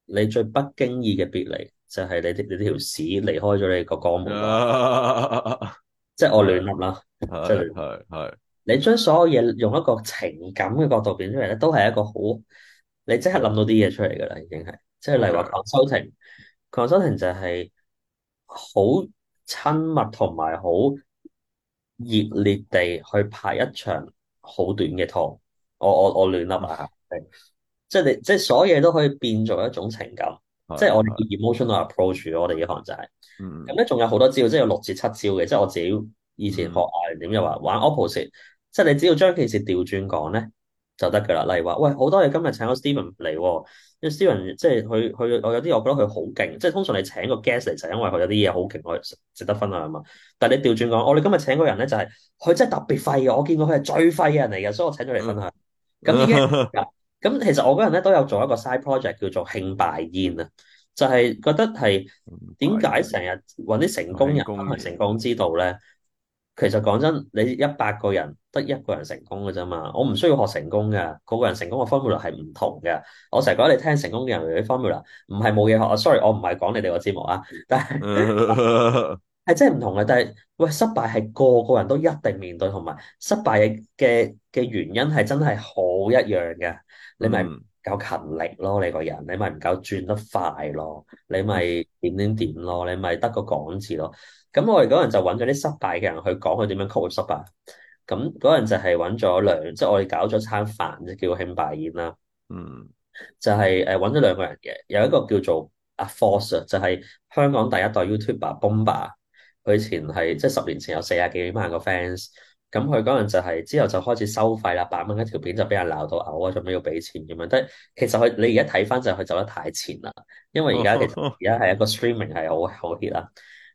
你最不經意嘅別離。就係你啲你條屎離開咗你個肛門，啊、即係我亂諗啦。是即係係係，你將所有嘢用一個情感嘅角度變出嚟咧，都係一個好，你即刻諗到啲嘢出嚟噶啦，已經係，即係例如話，concerning，concerning 就係好親密同埋好熱烈地去拍一場好短嘅拖。我我我亂諗啊，即係你即係所有嘢都可以變做一種情感。 即係我哋嘅 emotional approach 我哋嘅可能就係，咁咧仲有好多招，即係有六至七招嘅。即係我自己以前學啊，點又話玩 opposite，即係你只要將件事調轉講咧就得噶啦。例如話，喂好多嘢今日請咗 Stephen 嚟 Stephen 即係佢佢我有啲我覺得佢好勁，即係通常你請個 guest 嚟就係因為佢有啲嘢好勁，可以值得分享啊嘛。但係你調轉講，我哋今日請個人咧就係、是、佢真係特別廢嘅，我見過佢係最廢嘅人嚟嘅，所以我請咗嚟分享。咁已經。 咁其實我嗰陣咧都有做一個 side project 叫做慶敗宴啊，就係覺得係點解成日揾啲成功人啊、成功之道咧，其實講真，你一百個人得一個人成功嘅啫嘛。我唔需要學成功嘅，個個人成功嘅 formula 係唔同嘅。我成日覺得你聽成功嘅人嘅 formula，唔係冇嘢學啊。Sorry，我唔係講你哋個節目啊，但係係真係唔同嘅。但係喂，失敗係個個人都一定面對，同埋失敗嘅嘅嘅原因係真係好一樣嘅。你咪唔夠勤力咯，你個人，你咪唔夠轉得快咯，你咪點點點咯，你咪得個講字咯。咁我哋嗰人就揾咗啲失敗嘅人去講佢點樣克服失敗。咁嗰人就係揾咗兩，即係我哋搞咗餐飯叫慶敗宴啦。嗯，就係誒揾咗兩個人嘅，有一個叫做阿 Force 啊，就係香港第一代 YouTuber Bomber，佢以前係即係十年前有四廿幾萬個 fans。咁佢嗰樣就係之後就開始收費啦，百蚊一條片就俾人鬧到嘔啊，做咩要俾錢咁樣？但係其實佢你而家睇翻就係佢走得太前啦，因為而家其實而家係一個 streaming 係好好 hit 啦。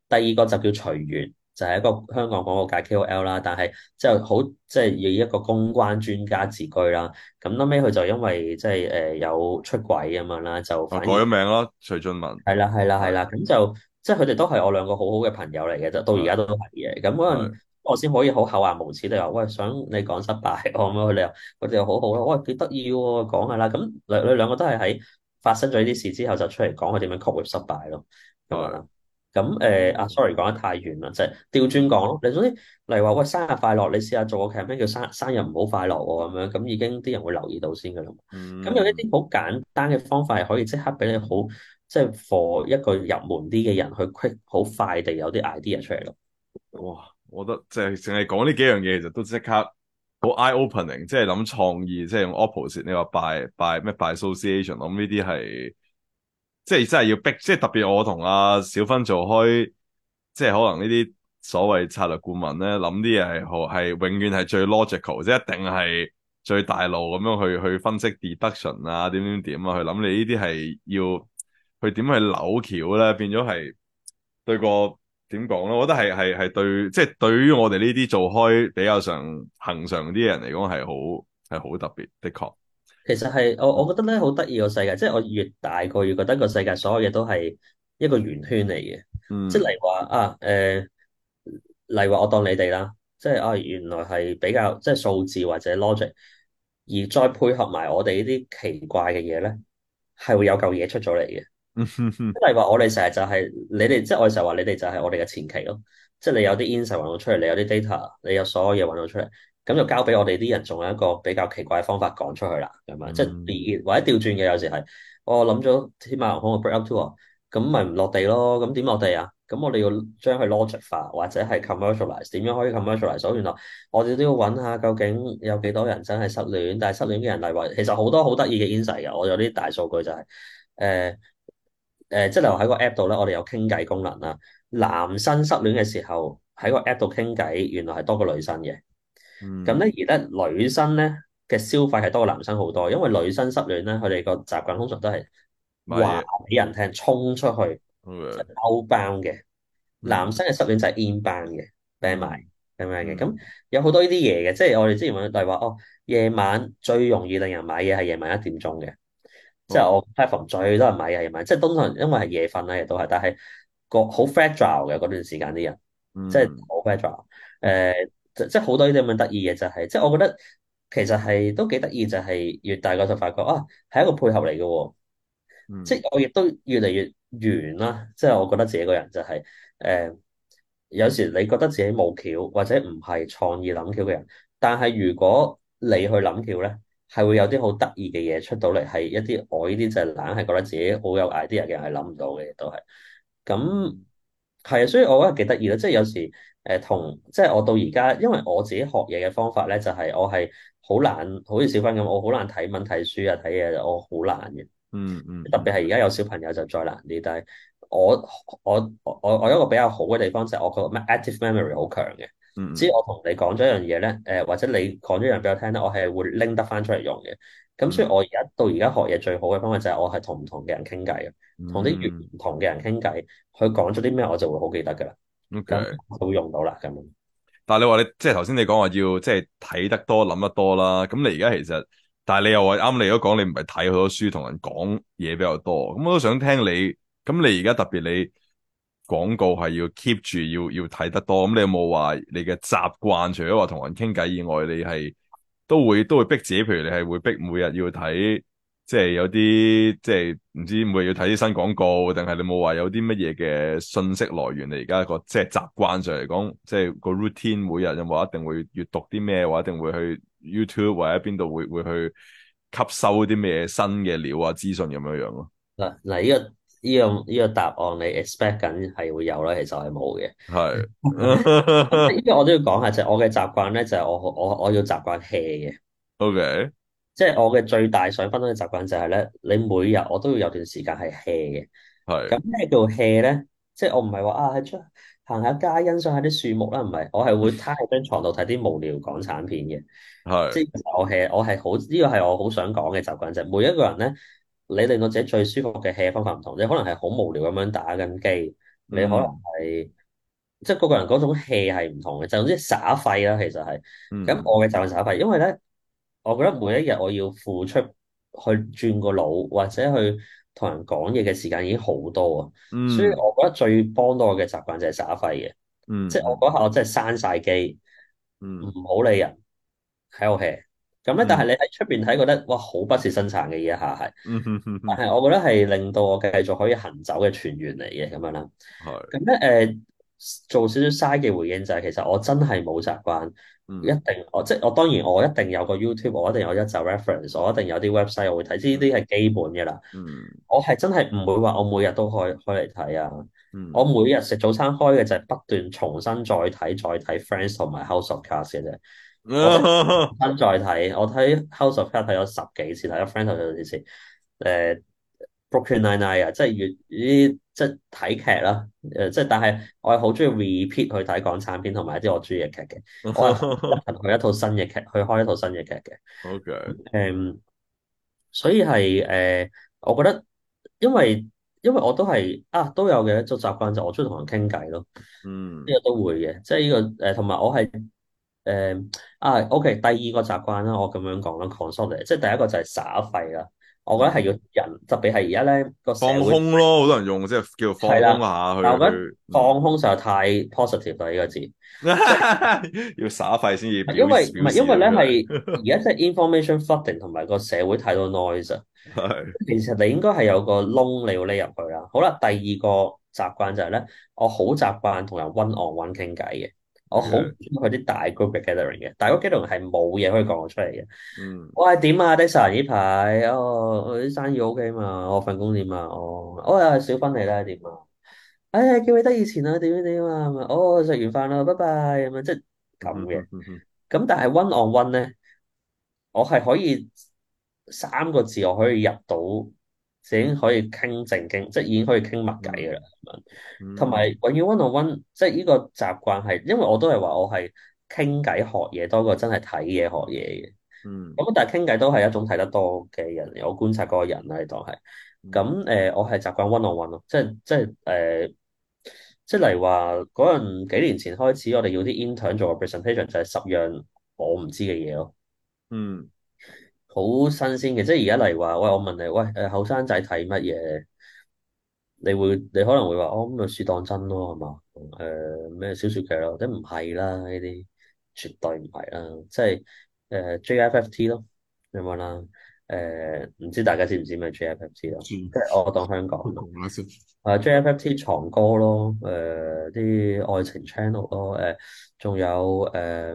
第二個就叫徐緣，就係、是、一個香港廣告界 KOL 啦，但係之後好即係以一個公關專家自居啦。咁後尾佢就因為即係誒有出軌咁樣啦，就改咗名啦，徐俊文。係啦係啦係啦，咁就即係佢哋都係我兩個好好嘅朋友嚟嘅，到而家都係嘅。咁嗰樣。我先可以好厚顏無恥地話，喂，想你講失敗我，我冇理由，我哋又好好咯，喂，幾得意喎，講下啦，咁你你兩個都係喺發生咗呢啲事之後就出嚟講佢點樣克服失敗咯，咁、呃、啊，咁誒，啊，sorry，講得太遠啦，就係調轉講咯，你總之例如話，喂，生日快樂，你試下做個劇咩叫生生日唔好快樂喎，咁樣咁已經啲人會留意到先噶啦，咁、嗯、有一啲好簡單嘅方法係可以即刻俾你好，即係 for 一個入門啲嘅人去 quick 好快地有啲 idea 出嚟咯，哇！我覺得即係淨係講呢幾樣嘢，就都刻 eye opening，即刻好 eye-opening。即係諗創意，即係用 opposite。你話拜拜咩？bi-sociation。我諗，呢啲係即係真係要逼。即係特別我同阿小芬做開，即係可能呢啲所謂策略顧問咧，諗啲嘢係係永遠係最 logical，即係一定係最大路咁樣去去分析 deduction 啊，點點點啊，去諗你呢啲係要去點去扭橋咧，變咗係對個。點講咯？我覺得係係係對，即係對於我哋呢啲做開比較上恆常啲人嚟講，係好係好特別，的確。其實係我我覺得咧，好得意個世界，即係我越大個，越覺得個世界所有嘢都係一個圓圈嚟嘅。嗯、即係例如話啊，誒、呃，例如話我當你哋啦，即係啊，原來係比較即係數字或者 logic，而再配合埋我哋呢啲奇怪嘅嘢咧，係會有嚿嘢出咗嚟嘅。例如話我哋成日就係、是、你哋，即係我哋成日話你哋就係我哋嘅前期咯，即係你有啲 insight 搵到出嚟，你有啲 data，你有所有嘢搵到出嚟，咁就交俾我哋啲人，仲有一個比較奇怪嘅方法講出去啦，係咪？嗯、即係或者調轉嘅有時係，我諗咗起碼我可唔可 break up two？咁咪唔落地咯？咁點落地啊？咁我哋要將佢 logic 化或者係 commercialize，點樣可以 commercialize？所、哦、以原來我哋都要揾下究竟有幾多人真係失戀，但係失戀嘅人嚟話，其實好多好得意嘅 insight 嘅，我有啲大數據就係、是、誒。呃誒，即係留喺個 app 度咧，我哋有傾偈功能啦。男生失戀嘅時候喺個 app 度傾偈，原來係多過女生嘅。咁咧、嗯、而咧女生咧嘅消費係多過男生好多，因為女生失戀咧，佢哋個習慣通常都係話俾人聽，衝出去、嗯、out 班嘅。嗯、男生嘅失戀就係 in 班嘅病埋，咁樣嘅。咁有好多呢啲嘢嘅，即係我哋之前問例如話，哦，夜晚最容易令人買嘢係夜晚一點鐘嘅。即係我拍房最多人買嘅夜晚，即係通常因為係夜瞓咧，亦都係。但係個好 fragile 嘅嗰段時間啲人，嗯即呃，即係好 fragile。誒、就是，即即好多呢啲咁嘅得意嘅就係即係我覺得其實係都幾得意，就係、是、越大個就發覺啊，係一個配合嚟嘅、嗯。即係我亦都越嚟越圓啦。即係我覺得自己個人就係、是、誒、呃，有時你覺得自己冇橋或者唔係創意諗橋嘅人，但係如果你去諗橋咧。係會有啲好得意嘅嘢出到嚟，係一啲我呢啲就係懶，係覺得自己好有 idea 嘅人係諗唔到嘅嘢，都係咁係啊，所以我覺得幾得意咯。即係有時誒、呃，同即係我到而家，因為我自己學嘢嘅方法咧，就係、是、我係好難，好似小芬咁，我好難睇文、睇書啊，睇嘢我好難嘅。嗯嗯，特別係而家有小朋友就再難啲，但係我我我我有一個比較好嘅地方就係我個 active memory 好強嘅。唔知、嗯、我同你講咗一樣嘢咧，誒、呃、或者你講咗一樣俾我聽咧，我係會拎得翻出嚟用嘅。咁所以我而家到而家學嘢最好嘅方法就係我係同唔同嘅人傾偈，同啲越唔同嘅人傾偈，佢講咗啲咩我就會好記得噶啦。咁佢、嗯、會用到啦。咁、嗯，但係你話你即係頭先你講話要即係睇得多諗得多啦。咁你而家其實，但係你又話啱你都講你唔係睇好多書，同人講嘢比較多。咁我都想聽你，咁你而家特別你。廣告係要 keep 住要要睇得多，咁你有冇話你嘅習慣？除咗話同人傾偈以外，你係都會都會逼自己，譬如你係會逼每日要睇，即係有啲即係唔知每日要睇啲新廣告，定係你冇話有啲乜嘢嘅信息來源？你而家個即係習慣上嚟講，即係個 routine 每日有冇一定會閱讀啲咩，或一定會去 YouTube 或者邊度會會去吸收啲咩新嘅料啊資訊咁樣樣咯。嗱，嗱依呢、這個依、這個答案你 expect 緊係會有啦，其實係冇嘅。係是，依 家 我都要講下就係我嘅習慣咧，就係、是、我習慣、就是、我我，我要習慣 hea 嘅。OK，即係我嘅最大想分享嘅習慣就係、是、咧，你每日我都要有段時間係 hea 嘅。係是。咁咩叫 hea 咧？即、就、係、是、我唔係話啊出行下街欣賞下啲樹木啦，唔係，我係會攤喺張床度睇啲無聊港產片嘅。係是。即係其實我係我係好，呢、這個係我好想講嘅習慣就係、是、每一個人咧。你令到自己最舒服嘅氣嘅方法唔同，你可能係好無聊咁樣打緊機，你可能係、嗯、即係個個人嗰種氣係唔同嘅，就總之耍廢啦，其實係。咁我嘅習慣耍廢，因為咧，我覺得每一日我要付出去轉個腦或者去同人講嘢嘅時間已經好多啊，嗯、所以我覺得最幫到我嘅習慣就係耍廢嘅，嗯、即係我嗰下我真係閂晒機，唔好、嗯、理人，喺度 hea。咁咧，但係你喺出邊睇，覺得哇，好不事生產嘅嘢下，係， 但係我覺得係令到我繼續可以行走嘅泉源嚟嘅咁樣啦。係是。咁咧，誒、呃，做少少嘥嘅回應就係、是，其實我真係冇習慣，嗯、一定，我即係我當然我一定有個 YouTube，我一定有一隻 reference，我一定有啲 website 我會睇，呢啲係基本嘅啦。嗯、我係真係唔會話我每日都可以、嗯、開開嚟睇啊。嗯、我每日食早餐開嘅就係不斷重新再睇再睇 Friends 同埋 House of Cards 嘅啫。 我再睇，我睇 House of Cards 睇咗十幾次，睇咗 Friends 睇咗幾次，誒，Brooklyn Nine-Nine 啊，即係越呢即係睇劇啦，誒，即係但係我係好中意 repeat 去睇港產片同埋一啲我中意嘅劇嘅，我係去一套新嘅劇去開一套新嘅劇嘅。OK 誒，所以係誒、呃，我覺得因為因為我都係啊，都有嘅一種習慣就我中意同人傾偈咯。嗯，呢個都會嘅，即係呢、這個誒，同、呃、埋我係。誒啊、uh,，OK，第二個習慣啦，我咁樣講啦，console 嚟，consolidate, 即係第一個就係耍廢啦。我覺得係要人，特別係而家咧個放空咯，好多人用即係叫做放空下去。我覺得放空實在太 positive 啦，呢 個字 要耍廢先至。因為唔係，因為咧係而家即係 information flooding 同埋個社會太多 noise 啊。其實 你應該係有個窿你要匿入去啦。好啦，第二個習慣就係咧，我好習慣同人 one on one 傾偈嘅。我好中意佢啲大 group gathering 嘅，大 group gathering 係冇嘢可以講出嚟嘅。嗯，我係點啊？廸生呢排哦，我啲生意 OK 啊嘛，我份工點啊？我我又小芬嚟啦點啊？哎叫你得以前啊點點樣樣啊，哦，食完飯啦拜拜。咁啊，即係咁嘅。咁 但係 one on one 咧，我係可以三個字我可以入到。已經可以傾正經，即係已經可以傾密偈噶啦。同埋、嗯、永遠 one on one，即係呢個習慣係，因為我都係話我係傾偈學嘢多過真係睇嘢學嘢嘅。嗯。咁啊，但係傾偈都係一種睇得多嘅人嚟，我觀察嗰個人嚟當係。咁誒、嗯呃，我係習慣 one on one 咯，即係即係誒，即係嚟話嗰陣幾年前開始，我哋要啲 intern 做個 presentation 就係十樣我唔知嘅嘢咯。嗯。好新鮮嘅，即係而家嚟話，喂，我問你，喂，誒、呃，後生仔睇乜嘢？你會，你可能會話，哦，咁啊，書當真咯，係嘛？誒、呃，咩小説劇咯？咁唔係啦，呢啲絕對唔係啦，即係誒、呃、JFFT 咯，明唔明啦？誒、呃，唔知大家知唔知咩 JFFT 啊？嗯、即係我當香港嘅先。誒 JFFT 牀歌咯，誒、呃、啲愛情 channel 咯，誒、呃、仲有誒。呃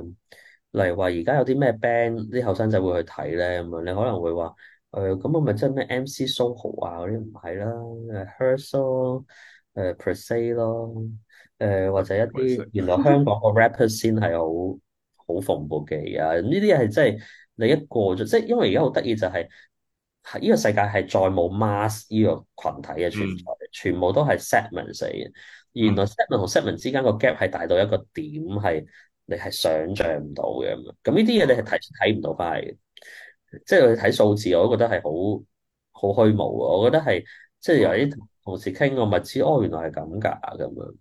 例如話，而家有啲咩 band 啲後生仔會去睇咧，咁樣，你可能會話誒咁，我咪真係咩 MC Soho 啊，嗰啲唔係啦，Herso，誒 Per Se 咯，誒、啊呃啊呃、或者一啲原來香港個 rapper scene 係好好蓬勃嘅嘢，呢啲嘢係真係你一過咗，即係因為而家好得意就係係呢個世界係再冇 mass 呢個群體嘅存在，嗯、全部都係 segment 死嘅。原來 segment 同 segment 之間個 gap 係大到一個點係。你係想象唔到嘅咁樣，咁呢啲嘢你係提睇唔到翻嚟嘅，即係我睇數字我都覺得係好好虛無。我覺得係即係有啲同事傾，我咪知哦，原來係咁㗎咁樣。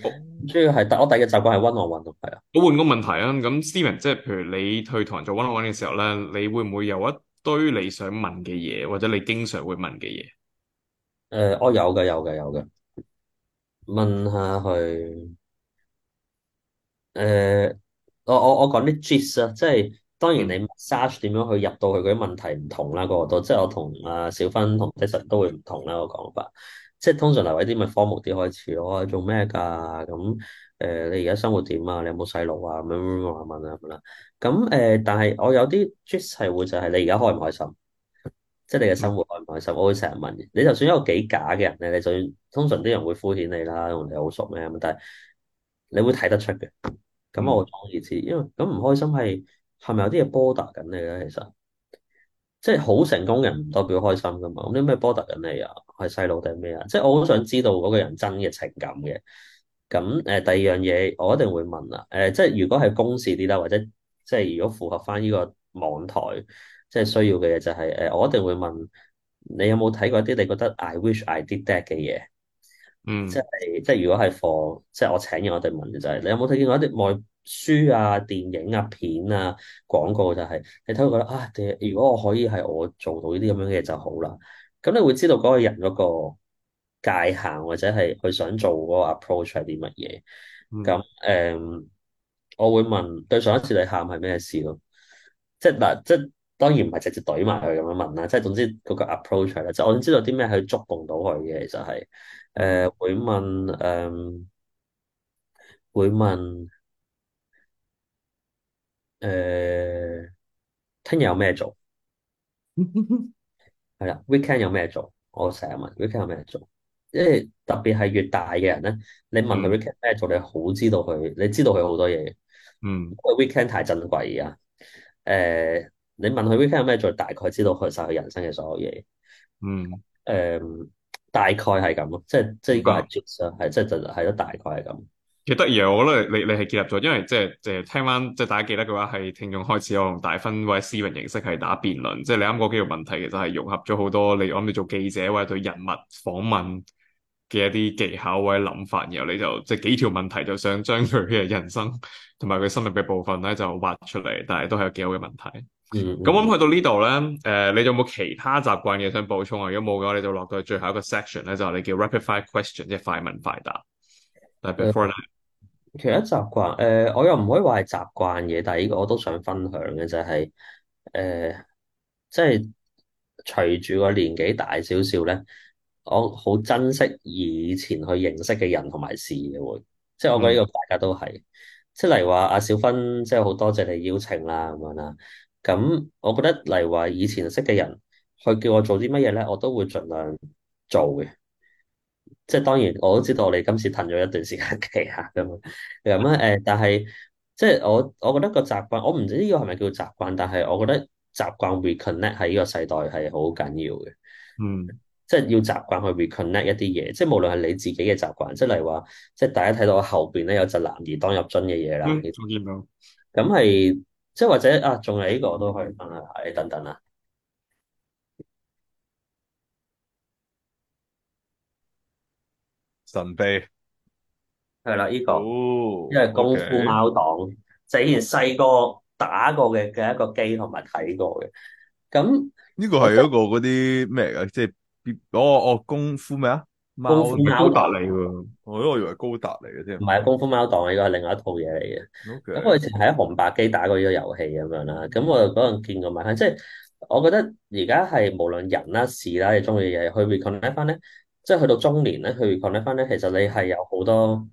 嗯、主要係第我第二個習慣係温我問1 on 1，係啊，我換個問題啊。咁 Stephen 即係譬如你去同人做1 on 1嘅時候咧，你會唔會有一堆你想問嘅嘢，或者你經常會問嘅嘢？誒，我有嘅，有嘅，有嘅。問下佢。誒、呃，我我我講啲 gist 啊，即係當然你 massage 點樣去入到去嗰啲問題唔同啦，那個個都即係我同阿小芬同廸生都會唔同啦。我講法即係通常留為啲咪科目啲開始咯，做咩㗎咁誒？你而家生活點啊？你有冇細路啊？咁樣問啊咁啦。咁誒、呃，但係我有啲 gist 係會就係你而家開唔開心，即係你嘅生活開唔開心，嗯、我會成日問嘅。你就算一個幾假嘅人咧，你就算通常啲人會敷衍你啦，同你好熟咩咁，但係你會睇得出嘅。咁我鍾意知，嗯、因為咁唔開心係係咪有啲嘢波達緊你咧？其實即係好成功人唔代表開心㗎嘛。咁啲咩波達緊你啊？係細路定咩啊？即係我好想知道嗰個人真嘅情感嘅。咁、嗯、誒第二樣嘢，我一定會問啦。誒、呃、即係如果係公事啲啦，或者即係如果符合翻呢個網台即係需要嘅嘢，就係，就係誒我一定會問你有冇睇過啲你覺得 I wish I did that 嘅嘢。嗯，即係即係，如果係放即係我請人，我哋問就係、是、你有冇睇見過一啲外書啊、電影啊、片啊、廣告就係、是、你睇會覺得啊，如果我可以係我做到呢啲咁樣嘅嘢就好啦。咁你會知道嗰個人嗰個界限或者係佢想做嗰個 approach 係啲乜嘢。咁誒、嗯，um, 我會問對上一次你喊係咩事咯？即係嗱，即係。當然唔係直接對埋佢咁樣問啦，即係總之嗰個 approach 咧，即係我想知道啲咩去觸動到佢嘅。其實係誒、呃、會問誒會問誒聽日有咩做？係啦 ，weekend 有咩做？我成日問 weekend 有咩做，因為特別係越大嘅人咧，你問佢 weekend 咩做，你好知道佢，你知道佢好多嘢。嗯，因為 weekend 太珍貴而家、呃你問佢 weekend 有咩，再大概知道佢晒佢人生嘅所有嘢。嗯，誒，大概係咁咯，即係即係呢個係 truth 咯，係即係就係都大概係咁。幾得意啊！我覺得你你係結合咗，因為即係即係聽翻，即係大家記得嘅話，係聽眾開始我同大分或者思文形式係打辯論，即係你啱講幾條問題，其實係融合咗好多你啱啱做記者或者對人物訪問嘅一啲技巧或者諗法，然後你就即係幾條問題就想將佢嘅人生同埋佢生命嘅部分咧就挖出嚟，但係都係有幾好嘅問題。咁我咁去到呢度咧，誒、呃，你有冇其他習慣嘅想補充啊？如果冇嘅話，你就落到最後一個 section 咧，就你、係、叫 rapid fire question，即係快問快答。Before that，其他習慣誒，我又唔可以話係習慣嘅，但係呢個我都想分享嘅就係、係、誒、呃，即係隨住個年紀大少少咧，我好珍惜以前去認識嘅人同埋事嘅會，即係我覺得呢個大家都係，即係、嗯、例如話阿小芬，即係好多謝你邀請啦，咁樣啦。咁，我覺得例如話以前識嘅人，佢叫我做啲乜嘢咧，我都會盡量做嘅。即係當然，我都知道我哋今次停咗一段時間期下咁樣咁啊。誒，但係即係我，我覺得個習慣，我唔知呢個係咪叫習慣，但係我覺得習慣 reconnect 喺呢個世代係好緊要嘅。嗯，即係要習慣去 reconnect 一啲嘢，即係無論係你自己嘅習慣，即例如話，即係大家睇到後邊咧有隻男兒當入樽嘅嘢啦。咁係、嗯。即係或者啊，仲有呢個我都可以問下，你等等啊。神秘係啦，呢、呢個因為、哦、功夫貓黨，就以 okay 前細個打過嘅嘅一個機同埋睇過嘅。咁呢個係一個嗰啲咩嚟嘅？即係、嗰個就係、哦哦功夫咩啊？功夫貓達嚟喎，我覺得我以為高達嚟嘅啫。唔係功夫貓檔，呢個係另外一套嘢嚟嘅。咁 Okay. 我以前喺紅白機打過呢個遊戲咁樣啦。咁我就嗰陣見過埋，即係我覺得而家係無論人啦、啊、事啦、啊，你中意嘅嘢去 reconnect 翻咧，即係去到中年咧去 reconnect 翻咧，其實你係有好多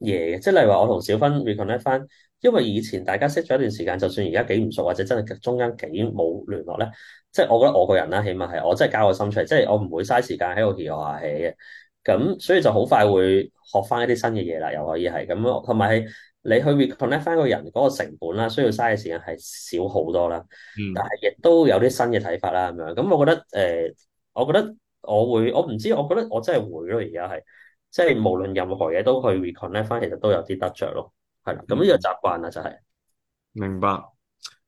嘢嘅。即係例如話我同小芬 reconnect 翻，因為以前大家識咗一段時間，就算而家幾唔熟或者真係中間幾冇聯絡咧。即係我覺得我個人啦，起碼係我真係交個心出嚟，即係我唔會嘥時間喺度聊下嘢嘅，咁所以就好快會學翻一啲新嘅嘢啦，又可以係咁，同埋你去 reconnect 翻個人嗰個成本啦，需要嘥嘅時間係少好多啦，嗯、但係亦都有啲新嘅睇法啦咁樣。咁我覺得誒、呃，我覺得我會，我唔知，我覺得我真係會咯，而家係即係無論任何嘢都去 reconnect 翻，其實都有啲得着咯，係啦。咁呢個習慣啦就係、是嗯、明白。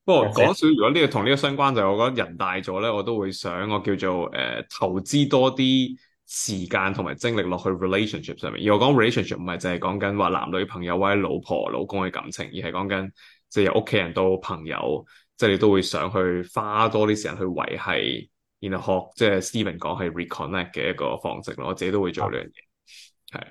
不過講少，如果呢個同呢個相關就，我覺得人大咗咧，我都會想我叫做誒、呃，投資多啲時間同埋精力落去 relationship 上面。而我講 relationship 唔係淨係講緊話男女朋友或者老婆老公嘅感情，而係講緊即係由屋企人到朋友，即、就、係、是、你都會想去花多啲時間去維繫，然後學即係、就是、Stephen 講係 reconnect 嘅一個方式咯。我自己都會做呢、嗯、樣嘢，係。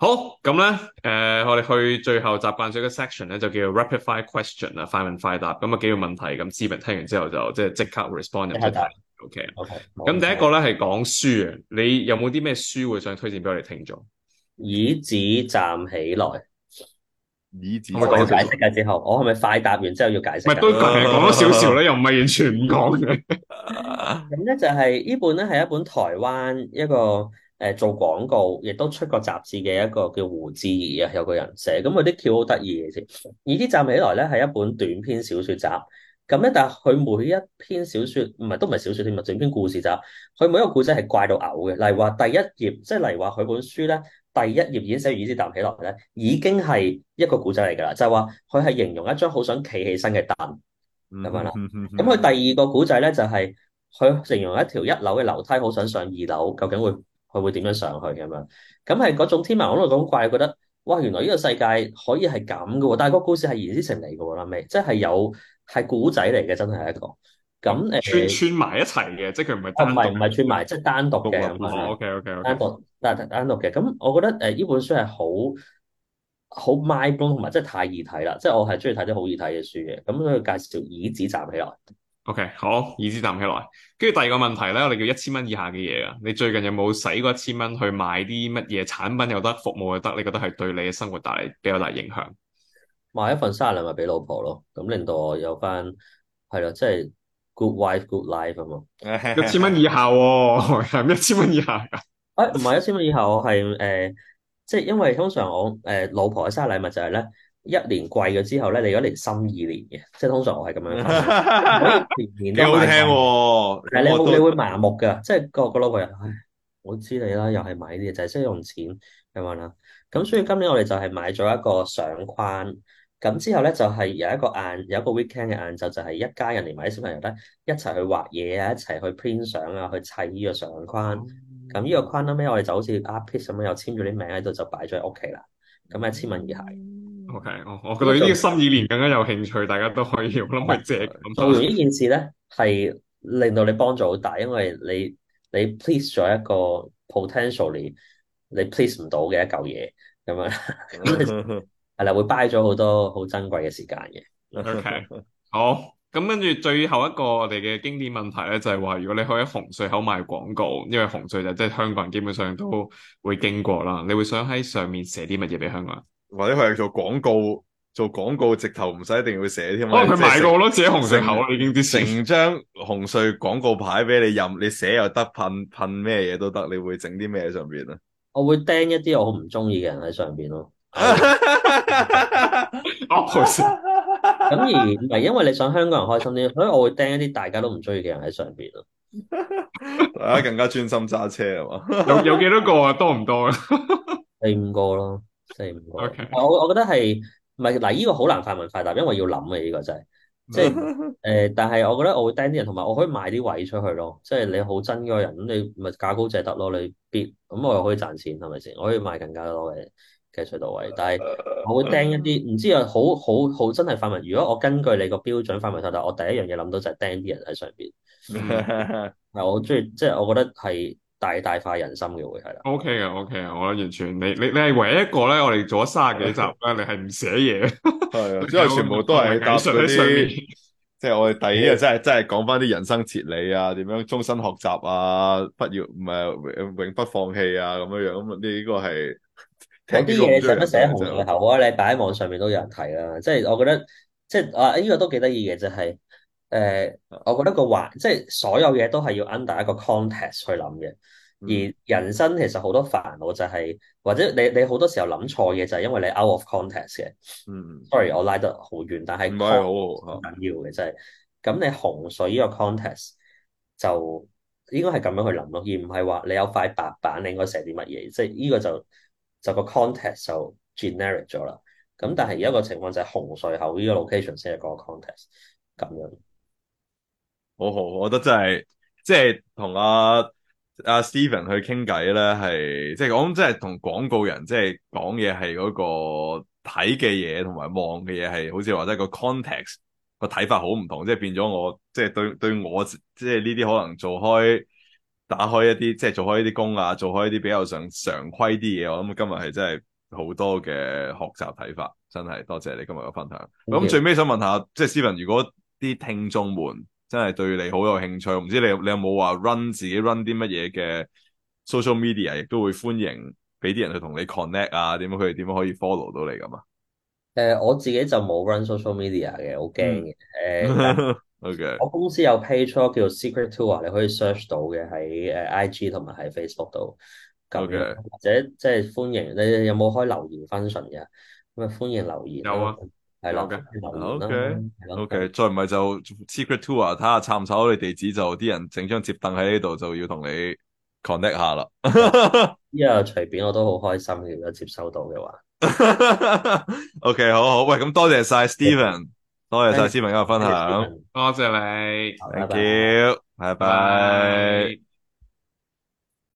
好，咁咧，誒、呃，我哋去最後習慣咗嘅 section 咧，就叫 rapid fire question 啦，快問快答。咁啊，幾個問題，咁 Stephen 聽完之後就即係即刻 response 出嚟。OK，咁第一個咧係講書，你有冇啲咩書會想推薦俾我哋聽眾？椅子站起來，椅子。我有解釋之後，我係咪快答完之後要解釋？咪都係講咗少少咧，又唔係完全唔講嘅。咁 咧就係、是、呢本咧係一本台灣一個。誒做廣告，亦都出過雜誌嘅一個叫胡志怡啊，有個人寫咁，佢啲橋好得意嘅先。椅、嗯、子站起來咧，係一本短篇小說集咁咧。但係佢每一篇小說唔係都唔係小說添，係短篇故事集。佢每一個故仔係怪到嘔嘅，例如話第一頁即係例如話佢本書咧第一頁已經寫完椅子站起來咧，已經係一個古仔嚟㗎啦。就係話佢係形容一張好想企起身嘅凳咁樣啦。咁佢第二個古仔咧就係、是、佢形容一條一樓嘅樓梯好想上二樓，究竟會？佢會點樣上去咁樣？咁係嗰種天文嗰度講怪，覺得哇！原來呢個世界可以係咁嘅喎，但係個故事係言之成理嘅喎啦，未即係有係古仔嚟嘅，真係一個咁誒串串埋一齊嘅，即係佢唔係唔係唔係串埋，即係單獨嘅咁。OK OK OK 單獨，但係單獨嘅咁，我覺得誒呢本書係好好 mind-blowing，同埋即係太易睇啦！即係我係中意睇啲好易睇嘅書嘅，咁佢介紹椅子站起嚟。OK，好，椅子站唔起來。跟住第二個問題咧，我哋叫一千蚊以下嘅嘢啊。你最近有冇使過一千蚊去買啲乜嘢產品又得，服務又得？你覺得係對你嘅生活帶嚟比較大影響？買一份生日禮物俾老婆咯，咁令到我有翻係啦，即係、就是、good wife good life 啊嘛 一千蚊以下喎、哎，一千蚊以下？誒，唔係一千蚊以下，我係誒，即係因為通常我誒、呃、老婆嘅生日禮物就係咧。一年貴咗之後咧，你如果嚟深二年嘅，即係通常我係咁樣。 年年幾好聽喎、哦，你會、嗯、你會麻木㗎，即係個個老覺人，我都 唉，我知你啦，又係買啲嘢就係識用錢，係咪啦？咁所以今年我哋就係買咗一個相框，咁之後咧就係有一個晏，有一個 weekend 嘅晏晝，就係一家人連埋啲小朋友咧，一齊去畫嘢啊，一齊去 print 相啊，去砌呢個相框。咁呢個框啱啱，我哋就好似 art piece 咁樣，又簽咗啲名喺度，就擺咗喺屋企啦。咁係千文以下。O Okay , K，、oh, 嗯、我我覺得呢個心意連更加有興趣，大家都可以諗去借。嗯、做完呢件事咧，係、嗯、令到你幫助好大，因為你你 please 咗一個 potentially 你 please 唔到嘅一嚿嘢，咁啊，係 啦、嗯， 會 buy 咗好多好珍貴嘅時間嘅。O Okay , K， 好，咁跟住最後一個我哋嘅經典問題咧，就係、是、話如果你可以喺紅隧口賣廣告，因為紅隧就即、是、係、就是、香港人基本上都會經過啦，你會想喺上面寫啲乜嘢俾香港人？或者佢係做廣告，做廣告直頭唔使一定要寫添。可能佢買過咯，寫寫寫紅隧口啦，已經啲成張紅隧廣告牌俾你任你寫又得，噴噴咩嘢都得。你會整啲咩喺上邊啊？我會釘一啲我好唔中意嘅人喺上邊咯。咁而唔係因為你想香港人開心啲，所以我會釘一啲大家都唔中意嘅人喺上邊咯。 大家更加專心揸車係嘛？ 有有幾多個啊？多唔多啊？四五個咯。四五 Okay. 我我覺得係唔係嗱？依、這個好難快問快答，因為要諗啊！呢、這個就係， 即係誒、呃。但係我覺得我會釘啲人，同埋我可以賣啲位出去咯。即係你好憎嗰個人，咁你咪價高者得咯。你必，咁我就可以賺錢，係咪先？我可以賣更加多嘅嘅隧道位，但係我會釘一啲唔知啊，好好好，好真係快問。如果我根據你個標準快問快答，我第一樣嘢諗到就係釘啲人喺上邊。係 我中意，即係我覺得係。大大化人心嘅會係啦，OK 嘅 OK 嘅，我覺得完全你你你係唯一一個咧，我哋做咗三十幾集咧， 你係唔寫嘢，係， 因為全部都係打上啲，即係我哋第二日真係真係講翻啲人生哲理啊，點樣終身學習啊，不要唔係永不放棄啊，咁樣樣，咁、就是、啊呢個係，有啲嘢就咁寫喺紅頭稿，你擺喺網上面都有人睇啦、啊，即係我覺得即係啊呢、這個都幾得意嘅就係、是。誒、呃，我覺得個環即係所有嘢都係要 under 一個 context 去諗嘅。而人生其實好多煩惱就係、是、或者你你好多時候諗錯嘢就係因為你 out of context 嘅。嗯，sorry，我拉得好遠，但係唔係緊要嘅、就是，真係。咁你洪水呢個 context 就應該係咁樣去諗咯，而唔係話你有塊白板你應該寫啲乜嘢，即係呢個就就個 context 就 generate 咗啦。咁但係而家個情況就係洪水後呢個 location 先係個 context 咁樣。我我覺得真係，即係同阿、啊、阿、啊、Stephen 去傾偈咧，係即係講，即係同廣告人即係講嘢，係嗰個睇嘅嘢同埋望嘅嘢，係好似話，即係個，個 context 個睇法好唔同，即係變咗我，即係對對我即係呢啲可能做開打開一啲，即係做開一啲工啊，做開一啲比較上常規啲嘢。我諗今日係真係好多嘅學習睇法，真係多謝你今日嘅分享。咁謝最尾想問下，即係 Stephen 如果啲聽眾們。真係對你好有興趣，唔知你你有冇話 run 自己 run 啲乜嘢嘅 social media，亦都會歡迎俾啲人去同你 connect 啊？點樣佢哋點樣可以 follow 到你咁啊？誒、呃，我自己就冇 run social media 嘅，好驚嘅。誒、嗯，呃、 Okay. 我公司有 page、啊、叫 Secret Tour，你可以 search 到嘅喺誒 IG 同埋喺 Facebook 度。咁嘅。Okay. 或者即係歡迎你有冇開留言分享嘅？咁啊，歡迎留言、啊。有啊。係咯，OK，OK，再唔係就 Secret Tour，睇下查唔查到你地址，就啲人整張摺凳喺呢度，就要同你 connect 下啦。呢個隨便，我都好開心，如果接收到嘅話。OK，好好，喂，咁多謝晒 Steven，多謝晒 Steven 今日分享，多謝你，thank you。拜拜。